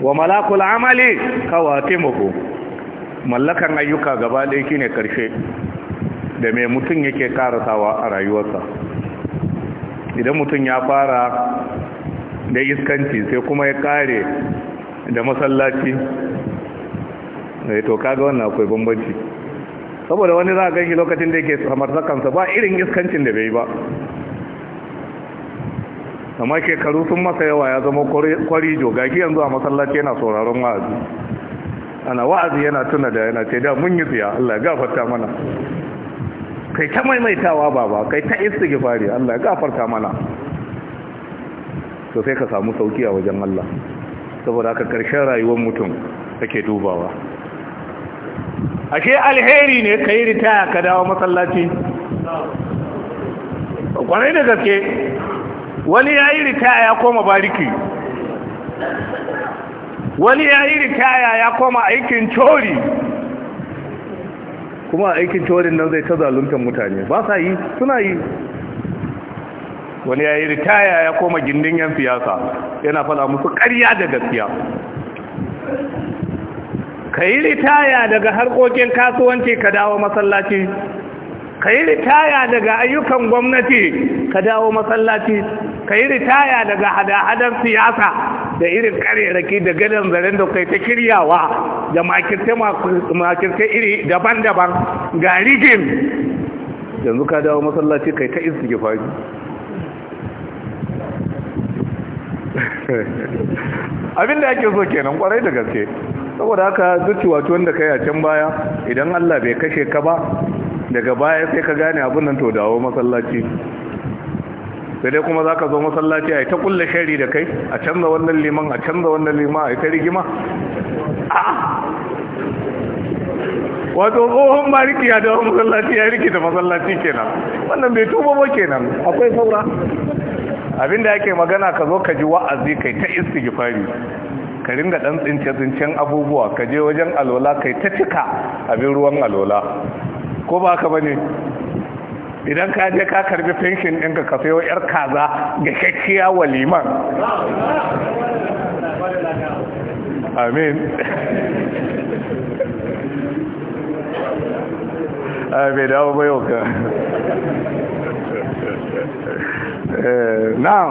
wa malakul amali kawatimuhu mallakan ayyuka gaba ɗaya shine karshe da mai mutum yake karatawa a rayuwarsa idan mutum ya fara da iskanci sai kuma ya kare da masallaci da eh, to kaga wannan akwai bambanci saboda wani za a shi lokacin da yake samartakansa ba irin iskancin da bai ba amma shekaru sun masa yawa ya zama joga gaki yanzu a masallaci yana sauraron wa'azi ana wa'azi yana tuna da yana ce da mun yi tsiya Allah gafarta mana kai ta maimaitawa baba kai ta istighfari Allah ya gafarta mana to sai ka samu sauki a wajen Allah saboda haka karshen rayuwar mutum kake dubawa ashe alheri ne kai ritaya ka dawo masallaci kwanai da gaske wani ya yi ritaya ya koma bariki wani ya yi ritaya ya koma aikin cori kuma aikin tawarin nan zai ta zaluntar mutane ba sa yi suna yi wani ya yi ritaya ya koma gindin yan siyasa yana fada musu karya da gaskiya ka yi ritaya daga harkokin kasuwanci ka dawo masallaci ka yi ritaya daga ayyukan gwamnati ka dawo masallaci ka yi ritaya daga hada-hadar siyasa da irin karerake da gadon zaren da kai ta kiryawa da makirce iri daban-daban ga rigin yanzu ka dawo masallaci kai ta istighfari abinda ake so kenan kwarai da gaske saboda haka zuci wato wanda kai a can baya idan Allah bai kashe ka ba daga baya sai ka gane abin nan to dawo masallaci sai dai kuma za ka zo masallaci a yi ta kulle shari da kai a canza wannan liman a canza wannan liman a yi ta rigima wato tsohon mariki ya dawo masallaci ya riki da masallaci kenan wannan bai tuba ba kenan akwai saura abinda yake magana ka zo ka ji wa'azi kai ta istighfari ka ringa dan tsince tsincen abubuwa ka je wajen alola kai ta cika abin ruwan alola ko ba ka bane idan ka je ka karbi fenshin ɗinka ka sayo yar kaza ga shakkiya wa liman amin bai dawo bai ka eh, na'am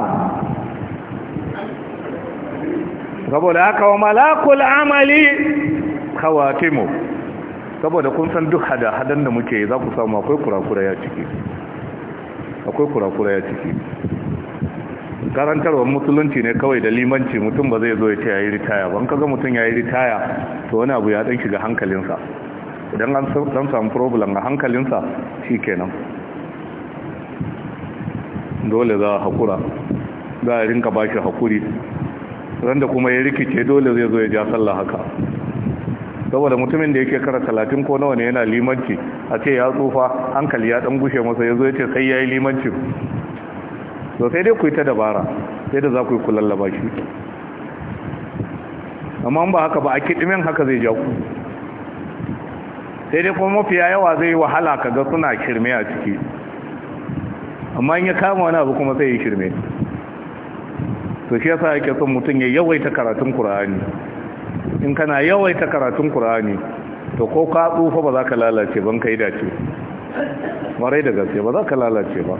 saboda haka wa malakul amali kawatimu saboda kun san duk hada-hadan da muke za ku samu akwai kurakura ya ciki akwai kurakura ya ciki karantarwar musulunci ne kawai da limanci mutum ba zai zo ya ce ya yi ritaya ban kaga mutum ya yi ritaya to wani abu ya dan shiga hankalinsa idan an samu problem a hankalinsa shi kenan dole za a haƙura za a rinka ba shi haƙuri randa kuma ya rikice dole zai zo ya ja sallah haka saboda mutumin da yake kara talatin ko nawa ne yana limanci a ce ya tsufa hankali ya dan gushe masa ya ya yace sai yayi limanci to sai dai ku yi ta dabara sai da za ku yi lallaba shi amma ba haka ba a kidimin haka zai ja ku sai dai kuma mafiya yawa zai yi wahala kaga suna kirme a ciki amma in ya kama wani abu kuma sai ya kirme to shi yasa yake son mutum ya yawaita karatun Qur'ani in kana yawaita karatun ƙura'ani to ko ka tsufa ba za ka lalace ban yi dace marai da gaske ba za ka lalace ba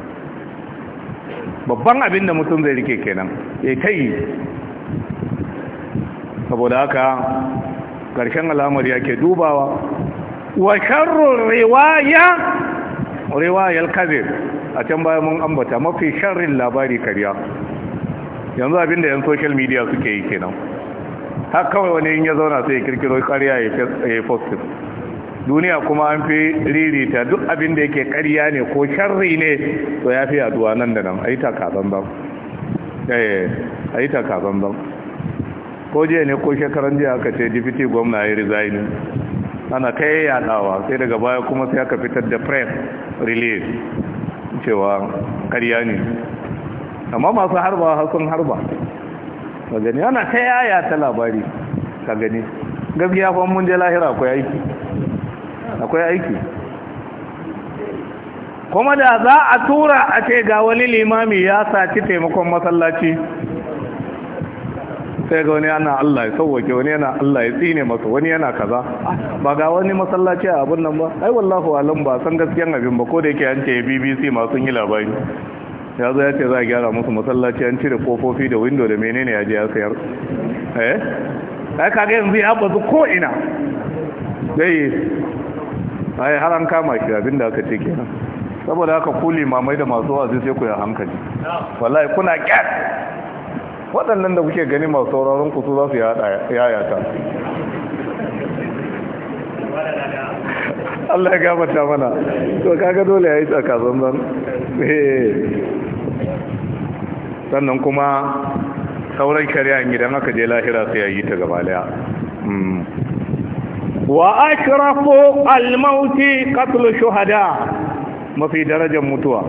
babban abin da mutum zai rike kenan ya kai saboda haka ƙarshen ya ke dubawa wa sharrun riwaya kazir a can bayan mun ambata mafi sharrin labari karya yanzu abin da yan social media suke yi kenan har kawai wani in ya zauna sai ya kirkiro ƙarya ya fosil. duniya kuma an fi ririta duk abin da yake ƙarya ne ko sharri ne to ya fi yaduwa nan da nan a yi takazan ban eh, a ban ko jiya ne ko shekaran jiya aka ce dipiti gwamna ya rizaini ana ta yi yadawa sai daga baya kuma sai aka fitar da press release cewa ƙarya ne amma masu harba sun harba ka gani ana ta yaya ta labari ka gani gaskiya fa mun je lahira akwai aiki akwai aiki kuma da za a tura a ce ga wani limami ya saci taimakon masallaci sai ga wani yana Allah ya sauwake wani yana Allah ya tsine masa wani yana kaza ba ga wani masallaci a abin nan ba ai wallahu alam ba san gaskiyan abin ba ko da yake an ce BBC masu yi labari ya zo ya ce za a gyara musu masallaci an cire kofofi da windo da menene ya je ya sayar eh ai kage yanzu ya bazu ko ina dai ai har an kama shi abin da aka ce kenan saboda haka ku limamai da masu wazi sai ku yi hankali wallahi kuna kyar waɗannan da kuke gani masu sauraron ku su za su yayata Allah ya gabata mana to kaga dole yayi tsaka zanzan eh. sannan kuma sauran shari'a gidan aka je lahira sai yayi ta gaba daya hmm. wa ashrafu al-maut qatl shuhada mafi darajar mutuwa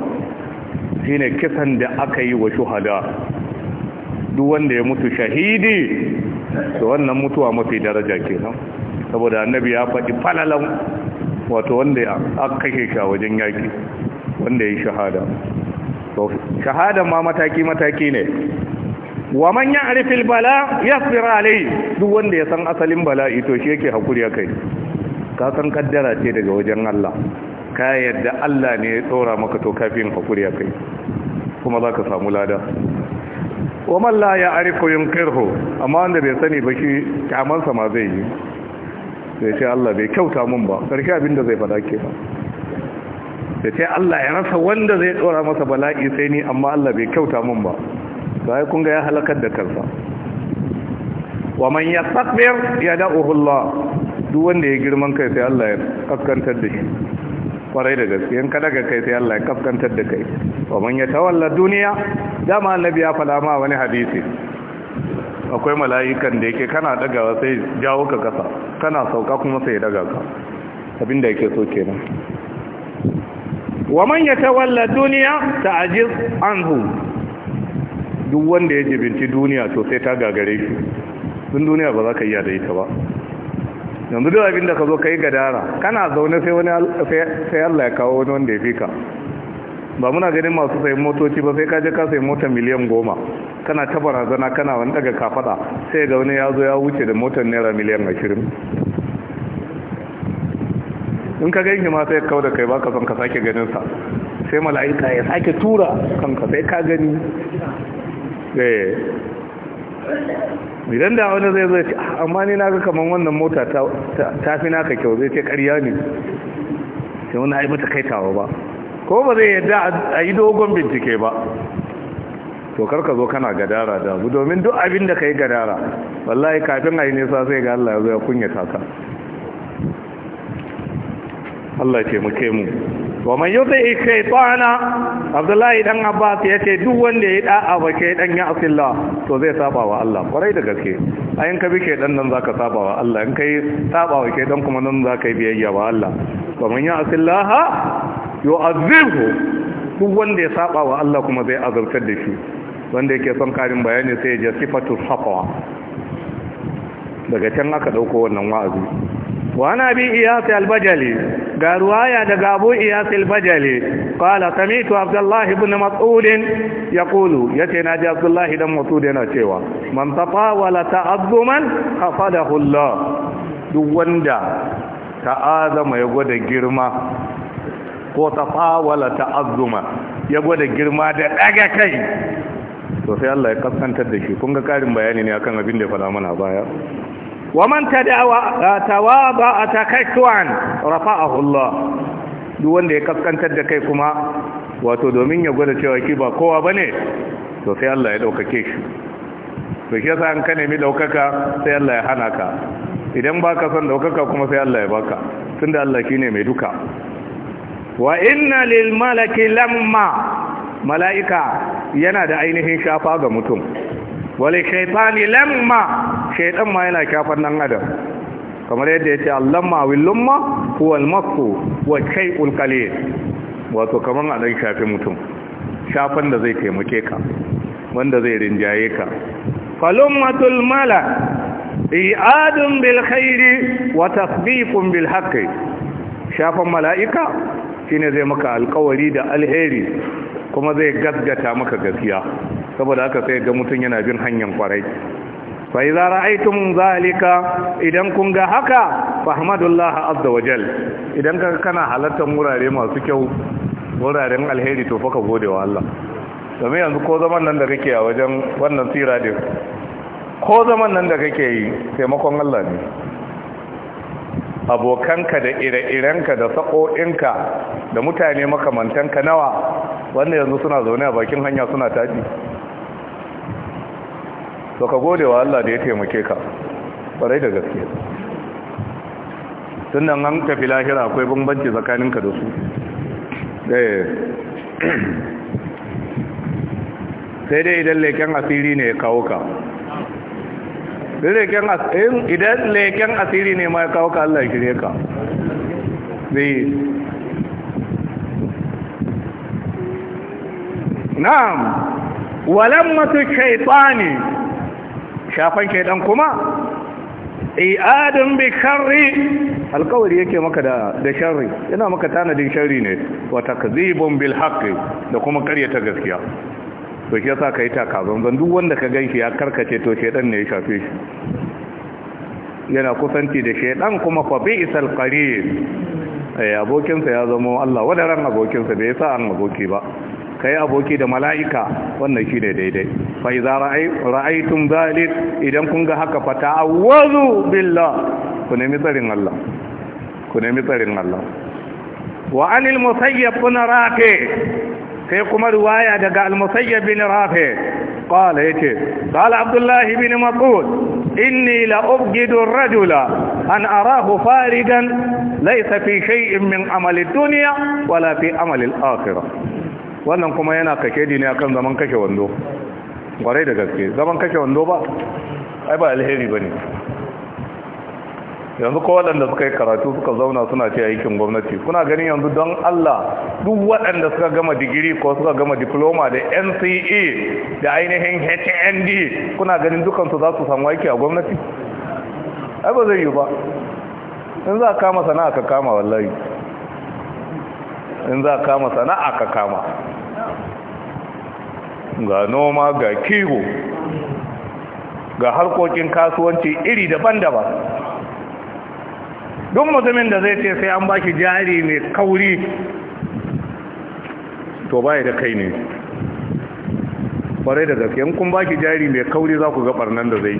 shine kisan da aka yi wa shuhada duk wanda ya mutu shahidi to wannan mutuwa mafi daraja kenan saboda annabi ya faɗi falalan wato wanda aka kake shi wajen yaki wanda ya yi shahada shahada ma mataki mataki ne wa man ya bala tsira alai duk wanda ya san asalin Bala ito shi yake hakuri akai ka san kaddara ce daga wajen Allah ka yadda Allah ne ya tsora maka to kafin hakuri kai kuma za ka samu lada wa man la ya'rifu yunqirhu amma wanda bai sani ba shi kyamansa ma zai yi sai ce Allah bai kyauta mun ba sarki abinda zai fada ke ba sai sai Allah ya rasa wanda zai tsora masa bala'i sai ni amma Allah bai kyauta mun ba sai kun ga ya halakar da kansa wa man yastakbir yad'uhu Allah duk wanda ya girman kai sai Allah ya kaskantar da shi kwarai da gaske in ka daga kai sai Allah ya kaskantar da kai wa man yatawalla duniya dama annabi ya fada ma wani hadisi akwai mala'ikan da yake kana dagawa sai jawo ka kasa kana sauka kuma sai daga ka abin da yake so kenan wa man yatawalla duniya ta'jiz anhu duk wanda ya jibinci duniya to sai ta gagare shi sun duniya ba za ka iya da ita ba yanzu duk abin da ka zo ka yi gadara kana zaune sai wani sai Allah ya kawo wani wanda ya fi ka ba muna ganin masu sayin motoci ba sai ka je ka sayi mota miliyan goma kana ta barazana kana wani daga kafada sai ga wani ya zo ya wuce da motar naira miliyan ashirin in ka gani ma sai kawo da kai baka son ka sake ganin sa sai mala'ika ya sake tura kanka sai ka gani eh idan da wani zai zai ce ah, amma ni na ga kamar wannan mota ta fi naka kyau zai ce karya ne sai wani ai mata kaitawa ba ko ba zai yadda a yi dogon bincike ba to karka zo kana gadara da bu domin duk abin da ka yi gadara wallahi kafin a yi nisa sai ga Allah ya zo ya kunyata ka Allah ce taimake mu wa man yuti shaytana Abdullahi dan Abbas yace duk wanda ya da'a ba ke dan ya asilla to zai saba wa Allah kwarai da gaske ayin ka bi ke dan nan zaka saba wa Allah in kai saba wa ke dan kuma nan zaka yi biyayya wa Allah wa man ya asillaha yu'azzibu duk wanda ya saba wa Allah kuma zai azabtar da shi wanda yake son karin bayani sai ya je sifatu safwa daga can aka dauko wannan wa'azi wa ana bi iyas al-bajali ga ruwaya daga abu iyasi al-bajali qala sami'tu abdullah ibn mas'ud yaqulu yace naji abdullah ibn mas'ud na cewa man tatawala ta'azzuman hafadahu duk wanda ta'azama ya gwada girma ko tafawala ta'azzuma ya gwada girma da daga kai to sai Allah ya kaskantar da shi kun ga karin bayani ne akan abin da ya fada mana baya wa man tadawa tawaba atakashwan rafa'ahu Allah duk wanda ya kaskantar da kai kuma wato domin ya gwada cewa ki ba kowa bane to sai Allah ya daukake shi to shi yasa an ka nemi daukaka sai Allah ya hana ka idan baka son daukaka kuma sai Allah ya baka tunda Allah shine mai duka wa inna lil malaki lamma mala'ika yana da ainihin shafa ga mutum wale shaitani lamma shaitan ma yana shafar nan adam kamar yadda ya ce allamma ma kuwal masu wa kai qalil wato kamar a dan shafi mutum shafan da zai taimake ka wanda zai rinjaye ka falummatul mala i'adun bil khairi wa tasbifun bil haƙƙi. shafan mala'ika shi ne zai maka alƙawari da alheri kuma zai gasgata maka gaskiya saboda haka sai ga mutum yana bin hanyar kwarai fai za ra'aitum zalika idan kun ga haka fahmadullah azza wajal idan ka kana halartar wurare masu kyau wuraren alheri to fa ka gode wa Allah domin yanzu ko zaman nan da kake a wajen wannan sira din ko zaman nan da kake yi taimakon Allah ne abokanka da ire-irenka da sako'inka da mutane makamantanka nawa wanda yanzu suna zaune a bakin hanya suna taji so ka gode wa Allah da ya taimake ka ƙwarai da gaske tun nan an tafi lahira akwai bambanci tsakaninka da su eh. sai dai idan leken asiri ne ya kawo ka idan leken asiri ne ma ya kawo ka Allah ya shirye ka zai na'am walan matu shaitani shafan shaitan kuma i'adun bi sharri alkawari yake maka da da yana maka tanadin sharri ne wa takzibun bil da kuma karyata gaskiya to shi yasa kai taka zanzan duk wanda ka ganshi ya karkace to shedan ne ya shafe shi yana kusanci da shedan kuma fa bi isal qareeb eh, abokinsa ya zama Allah wadaran abokinsa bai sa an aboki ba kai aboki da mala'ika wannan shine daidai fa idza ra'aytum zalik idan kun ga haka fata awazu billah ku nemi tsarin Allah ku nemi tsarin Allah wa anil musayyab kun rate sai kuma ruwaya daga al-musayyab bin rafi qala yace qala abdullah bin mas'ud inni la ubghidu ar-rajula an arahu farigan laysa fi shay'in min amali ad-dunya wala fi amali al-akhirah wannan kuma yana kake dini akan zaman kake wando gwarai da gaske zaman kake wando ba ai ba alheri bane yanzu ko waɗanda suka yi karatu suka zauna suna ce aikin gwamnati kuna ganin yanzu don Allah duk waɗanda suka gama digiri ko suka gama diploma da NCE da ainihin HND kuna ganin dukansu za su samu aiki a gwamnati ai ba zai yi ba in za kama sana'a ka kama wallahi in za kama sana'a ka kama ga noma ga kiwo ga harkokin kasuwanci iri daban-daban don mutumin da zai ce sai an baki jari mai kauri to baya da kai ne kwarai da gaske kun baki jari mai kauri za ku ga barnan da zai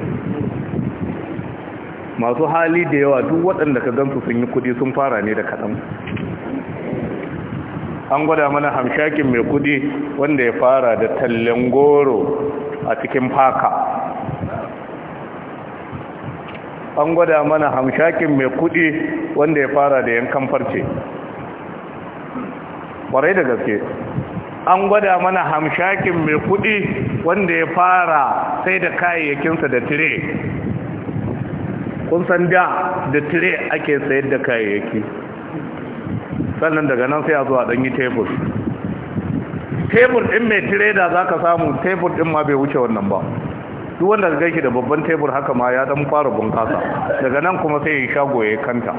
masu hali da yawa duk waɗanda ka gansu sun yi kudi sun fara ne da kaɗan an gwada mana hamshakin mai kudi wanda ya fara da tallen goro a cikin faka an gwada mana hamshakin mai kudi wanda ya fara da yankan farce kwarai da gaske an gwada mana hamshakin mai kudi wanda ya fara sai da kayayyakinsa da tire kun san da da tire ake sayar da kayayyaki sannan daga nan sai a zuwa ɗanyi tebur tebur ɗin mai tire da za ka samu tebur ɗin ma bai wuce wannan ba duk wanda ga shi da babban tebur haka ma ya dan fara bunkasa daga nan kuma sai ya shago ya kanta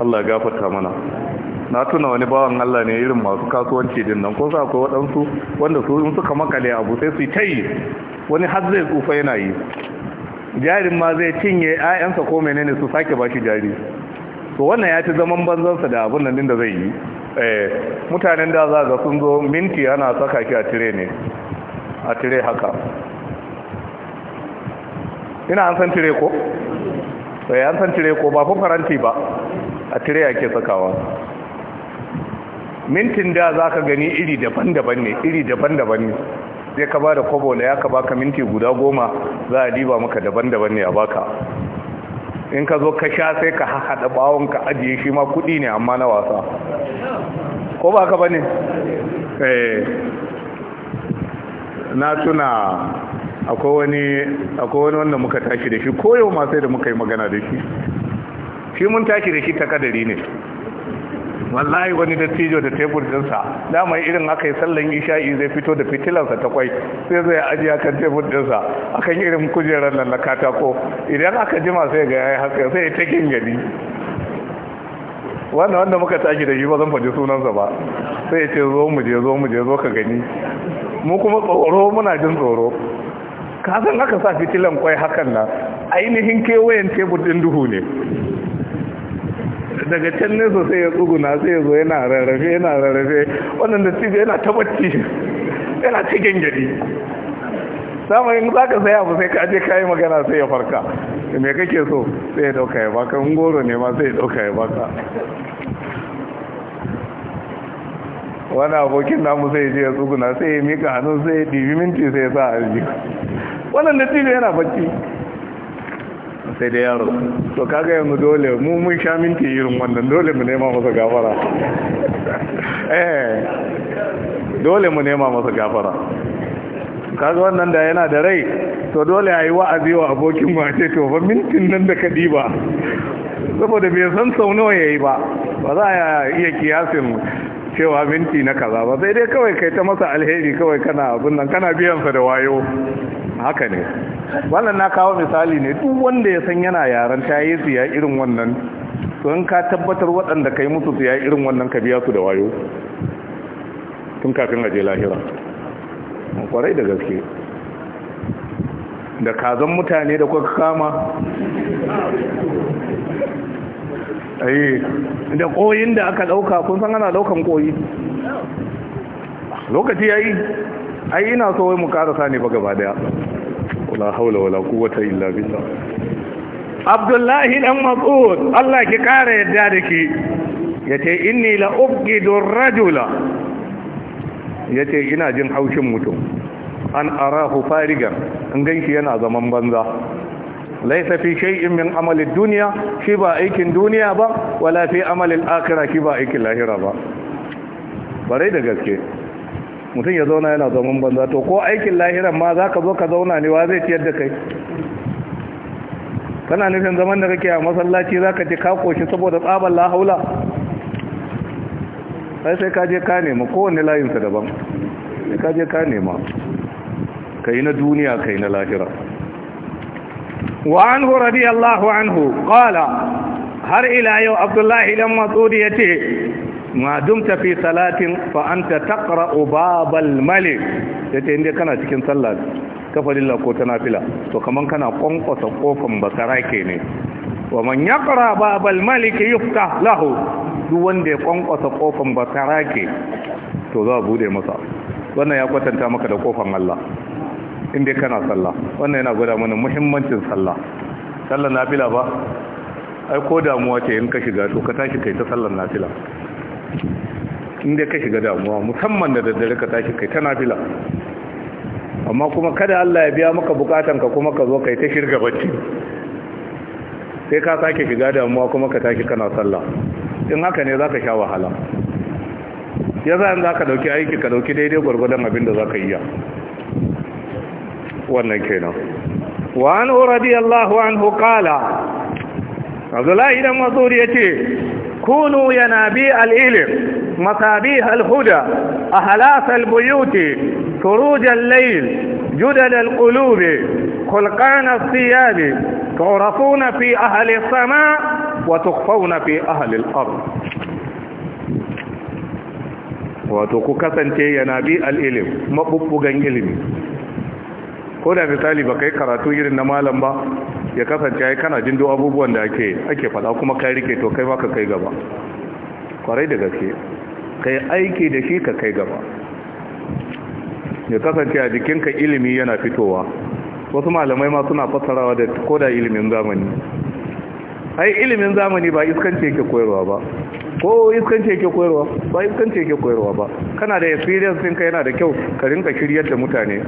Allah ya gafarta mana na tuna wani bawan Allah ne irin masu kasuwanci din nan ko sa akwai waɗansu wanda su in suka makale abu sai su ta yi wani har zai tsufa yana yi jarin ma zai cinye 'ya'yansa ko menene su sake bashi jari to wannan ya ci zaman banzansa da abin nan din da zai yi Eh, mutanen da za ga sun zo minti ana saka ki a tire ne a tire haka ina an san tire ko? sai eh, an san tire ko ba fi faranti ba a tire ke sakawa mintin da za ka gani iri daban-daban ne iri daban-daban ne zai ka ba da kwabo da ya ka baka minti guda goma za a diba maka daban-daban ne a baka in ka zo ka sha sai ka haɗa bawon ka ajiye shi ma kuɗi ne amma na wasa ko ba ka bane eh na tuna akwai wani wanda muka tashi da shi koyo ma sai da muka yi magana da shi shi mun tashi da shi ta ne wallahi wani dattijo da tebur dinsa dama irin aka yi sallan isha'i zai fito da fitilansa ta kwai sai zai ajiya kan tebur dinsa akan irin kujerar nan na katako idan aka jima sai ga yayi haka sai ta gani. wannan wanda muka tashi da shi ba zan faɗi sunansa ba sai ya ce zo mu je zo mu je zo ka gani mu kuma tsoro muna jin tsoro ka san aka sa fitilan kwai hakan nan ainihin kewayen tebur din duhu ne daga can nesa sai ya tsuguna sai ya zo yana rarrafe yana rarrafe wannan da yana tabbaci yana ta gangadi samun yin za ka sai abu sai ka je ka yi magana sai ya farka me kake so sai ya dauka ya baka in goro ne ma sai ya dauka ya baka wani abokin namu sai je ya tsuguna sai ya mika hannun sai ya ɗibi minti sai ya sa a wannan da cizo yana bacci sai da yaro to kaga yanzu dole mu mun sha minti irin wannan dole mu nema masa gafara eh dole mu nema masa gafara kaga wannan da yana da rai to dole a yi wa'azi wa abokin ce to fa mintin nan da ka diba saboda bai san sau nawa ya yi ba ba za a iya kiyasin cewa minti na kaza ba sai dai kawai kai ta masa alheri kawai kana abin nan kana biyansa da wayo haka ne wannan na kawo misali ne duk wanda ya san yana yaran ta yi su ya irin wannan to in ka tabbatar waɗanda kai musu ya irin wannan ka biya su da wayo tun kafin aje lahira kwarai da gaske da kazan mutane da kuka kama Eh, da koyin da aka dauka kun san ana daukan koyi lokaci yayi ai ina so wai mu karasa ne ba gaba daya wala haula wala quwwata illa billah Abdullahi dan Mas'ud Allah ki kare yadda da ki yace inni la ubgidu rajula yace ina jin haushin mutum an arahu farigan in ganki yana zaman banza laisa fi shay'in min amali dunya shi ba aikin duniya ba wala fi amali al-akhirah shi ba aikin lahira ba bare da gaske mutum ya zauna yana zaman banza to ko aikin lahiran ma zaka zo ka zauna ne wa zai ciyar da kai kana nufin zaman da kake a masallaci zaka ji ka koshi saboda tsaban la haula sai sai ka je ka nema kowanne layinsa daban sai ka je ka yi kai na duniya kai na lahira وعنه رضي الله عنه قال هر إلى يو عبد الله لما مسعوديته ما دمت في صلاة فأنت تقرأ باب الملك yace inda kana cikin sallah kafalin la ko ta nafila to kaman kana kwankwasa kofan basara ne wa man yaqra babal malik yuftah lahu duk wanda ya kwankwasa ƙofan basara ke to za a masa wannan ya kwatanta maka da kofan Allah inda kana sallah wannan yana gwada mana muhimmancin sallah sallar nafila ba ai ko damuwa ce in ka shiga to ka tashi kai ta sallar nafila inda ka shiga damuwa musamman da daddare ka tashi kai ta nafila amma kuma kada Allah ya biya maka bukatan ka kuma ka zo kai ta shirga bacci sai ka sake shiga damuwa kuma ka tashi kana sallah in haka ne zaka sha wahala ya za in zaka dauki aiki ka dauki daidai gurgurdan abin da zaka yi. wannan kenan wa Allah radiyallahu anhu qala Abdullahi dan Mas'ud yace kunu yanabi al-ilm masabih al-huda ahlas al-buyut furuj al-layl judal al-qulub خلقان الثياب تعرفون في أهل السماء وتخفون في أهل الأرض wato ku kasance yana bi al'ilim maɓuɓɓugan ilimi ko da misali ba kai karatu irin na malam ba ya kasance ai kana jin abubuwan da ake ake faɗa kuma kai rike to kai ma ka kai gaba kwarai da gaske kai aiki da shi ka kai gaba ya kasance a jikinka ilimi yana fitowa wasu malamai ma suna fassarawa da koda ilimin zamani ai ilimin zamani ba iskance yake koyarwa ba ko iskance yake koyarwa ba iskance yake koyarwa ba kana da experience ɗinka yana da kyau ka rinka shiryar da mutane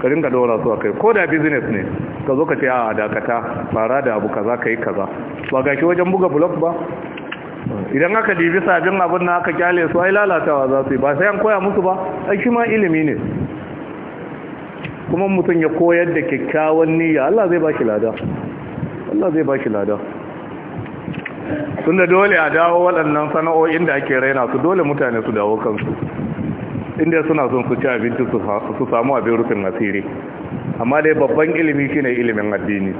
ka rinka dora su akai kai ko da business ne ka zo ka ce a dakata fara da abu kaza ka yi kaza ba gashi wajen buga blog ba idan aka dibi sabin abin na aka kyale su ai lalatawa za su yi ba sai an koya musu ba ai shi ma ilimi ne kuma mutum ya koyar da kyakkyawan niyya Allah zai ba shi lada Allah zai ba shi lada tunda dole a dawo waɗannan sana'o'in da ake raina su dole mutane su dawo kansu inda suna son su ci abinci su samu abin rufin asiri amma dai babban ilimi ne ilimin addini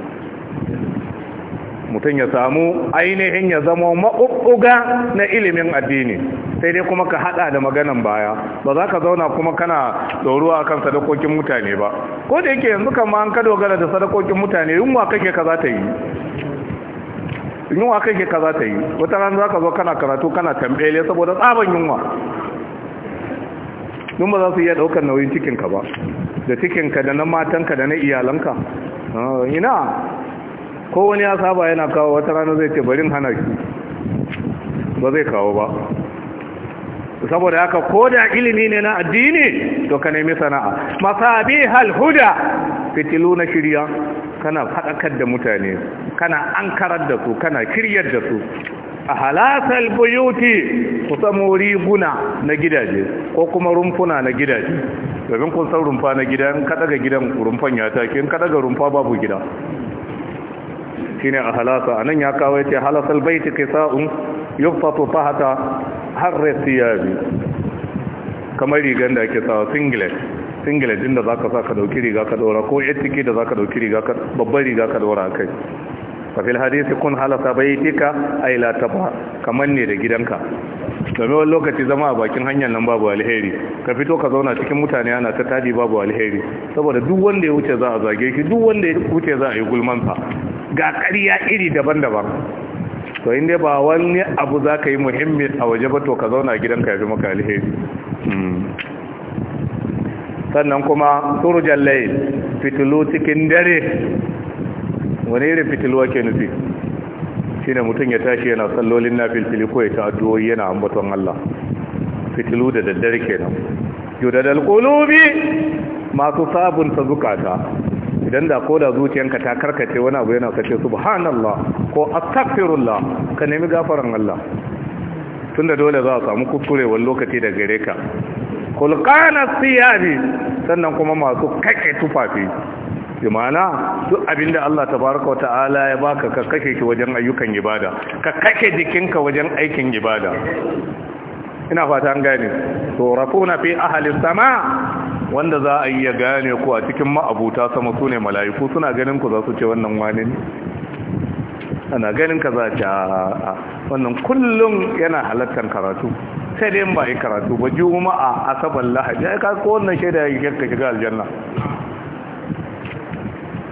mutum ya samu ainihin ya zama maɓuɓɓuga na ilimin addini sai dai kuma ka haɗa da maganan baya ba za ka zauna kuma kana tsoruwa kan sadakokin mutane ba ko da yake yanzu kama an ka dogara da sadakokin mutane yunwa kake ka za ta yi yunwa kai ke za ta yi wata rana za ka zo kana karatu kana tambaye saboda tsaban yunwa Mun ba za su iya daukar nauyin cikinka ba da cikinka da na matanka da na iyalanka ah, ina ko wani ya saba yana kawo wata rana zai ce barin hana shi ba zai kawo ba saboda haka ko da ilimi ne na addini to ka nemi sana'a masabihal huda fitilu na shirya kana faɗakar da mutane kana ankarar da su kana kiryar da su a halasar buyuti ku samu riguna na gidaje ko kuma rumfuna na gidaje domin kun san rumfa na gida in kaɗaga gidan rumfan ya take in kaɗaga rumfa babu gida shine a halasa anan ya kawo yace halasal baiti kisa'un yuftatu fahata harra siyabi kamar rigan da ake sawa singlet singlet din da zaka sa ka dauki riga ka dora ko yar da zaka dauki riga ka babbar riga ka dora kai fa fil hadisi kun halasa baitika ay la tabha kaman ne da gidanka domin wani lokaci zama a bakin hanyar nan babu alheri ka fito ka zauna cikin mutane ana ta tadi babu alheri saboda duk wanda ya wuce za a zage shi duk wanda ya wuce za a yi gulman sa ga ƙarya iri daban-daban to inda ba wani abu za ka yi muhimmi a waje ba to ka zauna gidanka ya fi maka alheri hmm. sannan kuma turjan lai fitilu cikin dare wani irin fitilu ake nufi Shi ne mutum ya tashi yana sallolin nafilfili ko ya ta'addu'o'i yana ambaton Allah fitilu da daddare kenan da qulubi masu sabunta zukata idan da ko da zuciyanka ta karkace wani abu yana kace subhanallah ko astaghfirullah ka nemi gafaran Allah tunda dole za a samu kukurewar lokaci da gare ka kulqana siyabi sannan kuma masu kake tufafi bi duk abinda Allah tabaraka wata'ala ya baka ka kake ki wajen ayyukan ibada ka kake jikinka wajen aikin ibada ina fata an gane to rafuna fi ahli sama wanda za a iya gane ku a cikin ma'abuta sama sune mala'iku suna ganin ku za su ce wannan wani ne ana ganin ka za ta wannan kullum yana halattar karatu sai dai ba yi karatu ba juma'a asabar lahadi ya ka wannan shaida ya ka shiga aljanna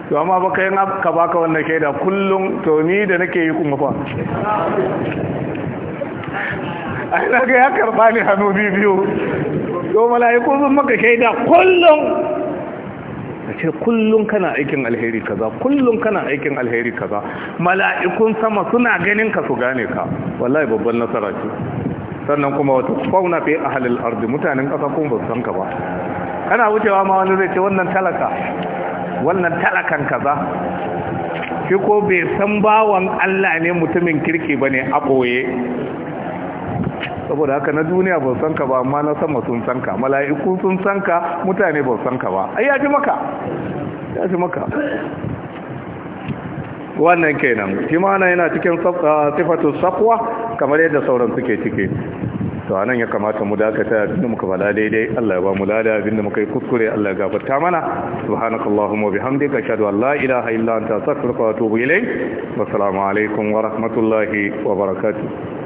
to amma baka yin ka baka wannan shaida kullum to ni da nake yi kuma fa A yi ga ya karba ni hannu biyu to mala'iku sun maka shaida kullum a ce kullum kana aikin alheri kaza kullum kana aikin alheri kaza mala'ikun sama suna ganin ka su gane ka wallahi babban nasara ce sannan kuma wata fauna fi halin ardi mutanen kasa kuma ba su san ka ba kana wucewa ma wani zai ce wannan talaka wannan talakan kaza shi ko bai san bawan Allah ne mutumin kirki bane a boye saboda haka na duniya ba san ka ba amma na sama sun san ka mala'iku sun san ka mutane ba san ka ba ai ya ji maka ya ji maka wannan kenan shi na yana cikin ah, sifatu safuwa kamar yadda sauran suke ciki to anan ya kamata mu dakata abinda muka faɗa daidai Allah ya ba mu lada abinda muka yi kuskure Allah ya gafarta mana subhanakallahumma bihamdika ashhadu an la ilaha illa anta astaghfiruka wa atubu ilayk wa assalamu alaikum wa rahmatullahi wa barakatuh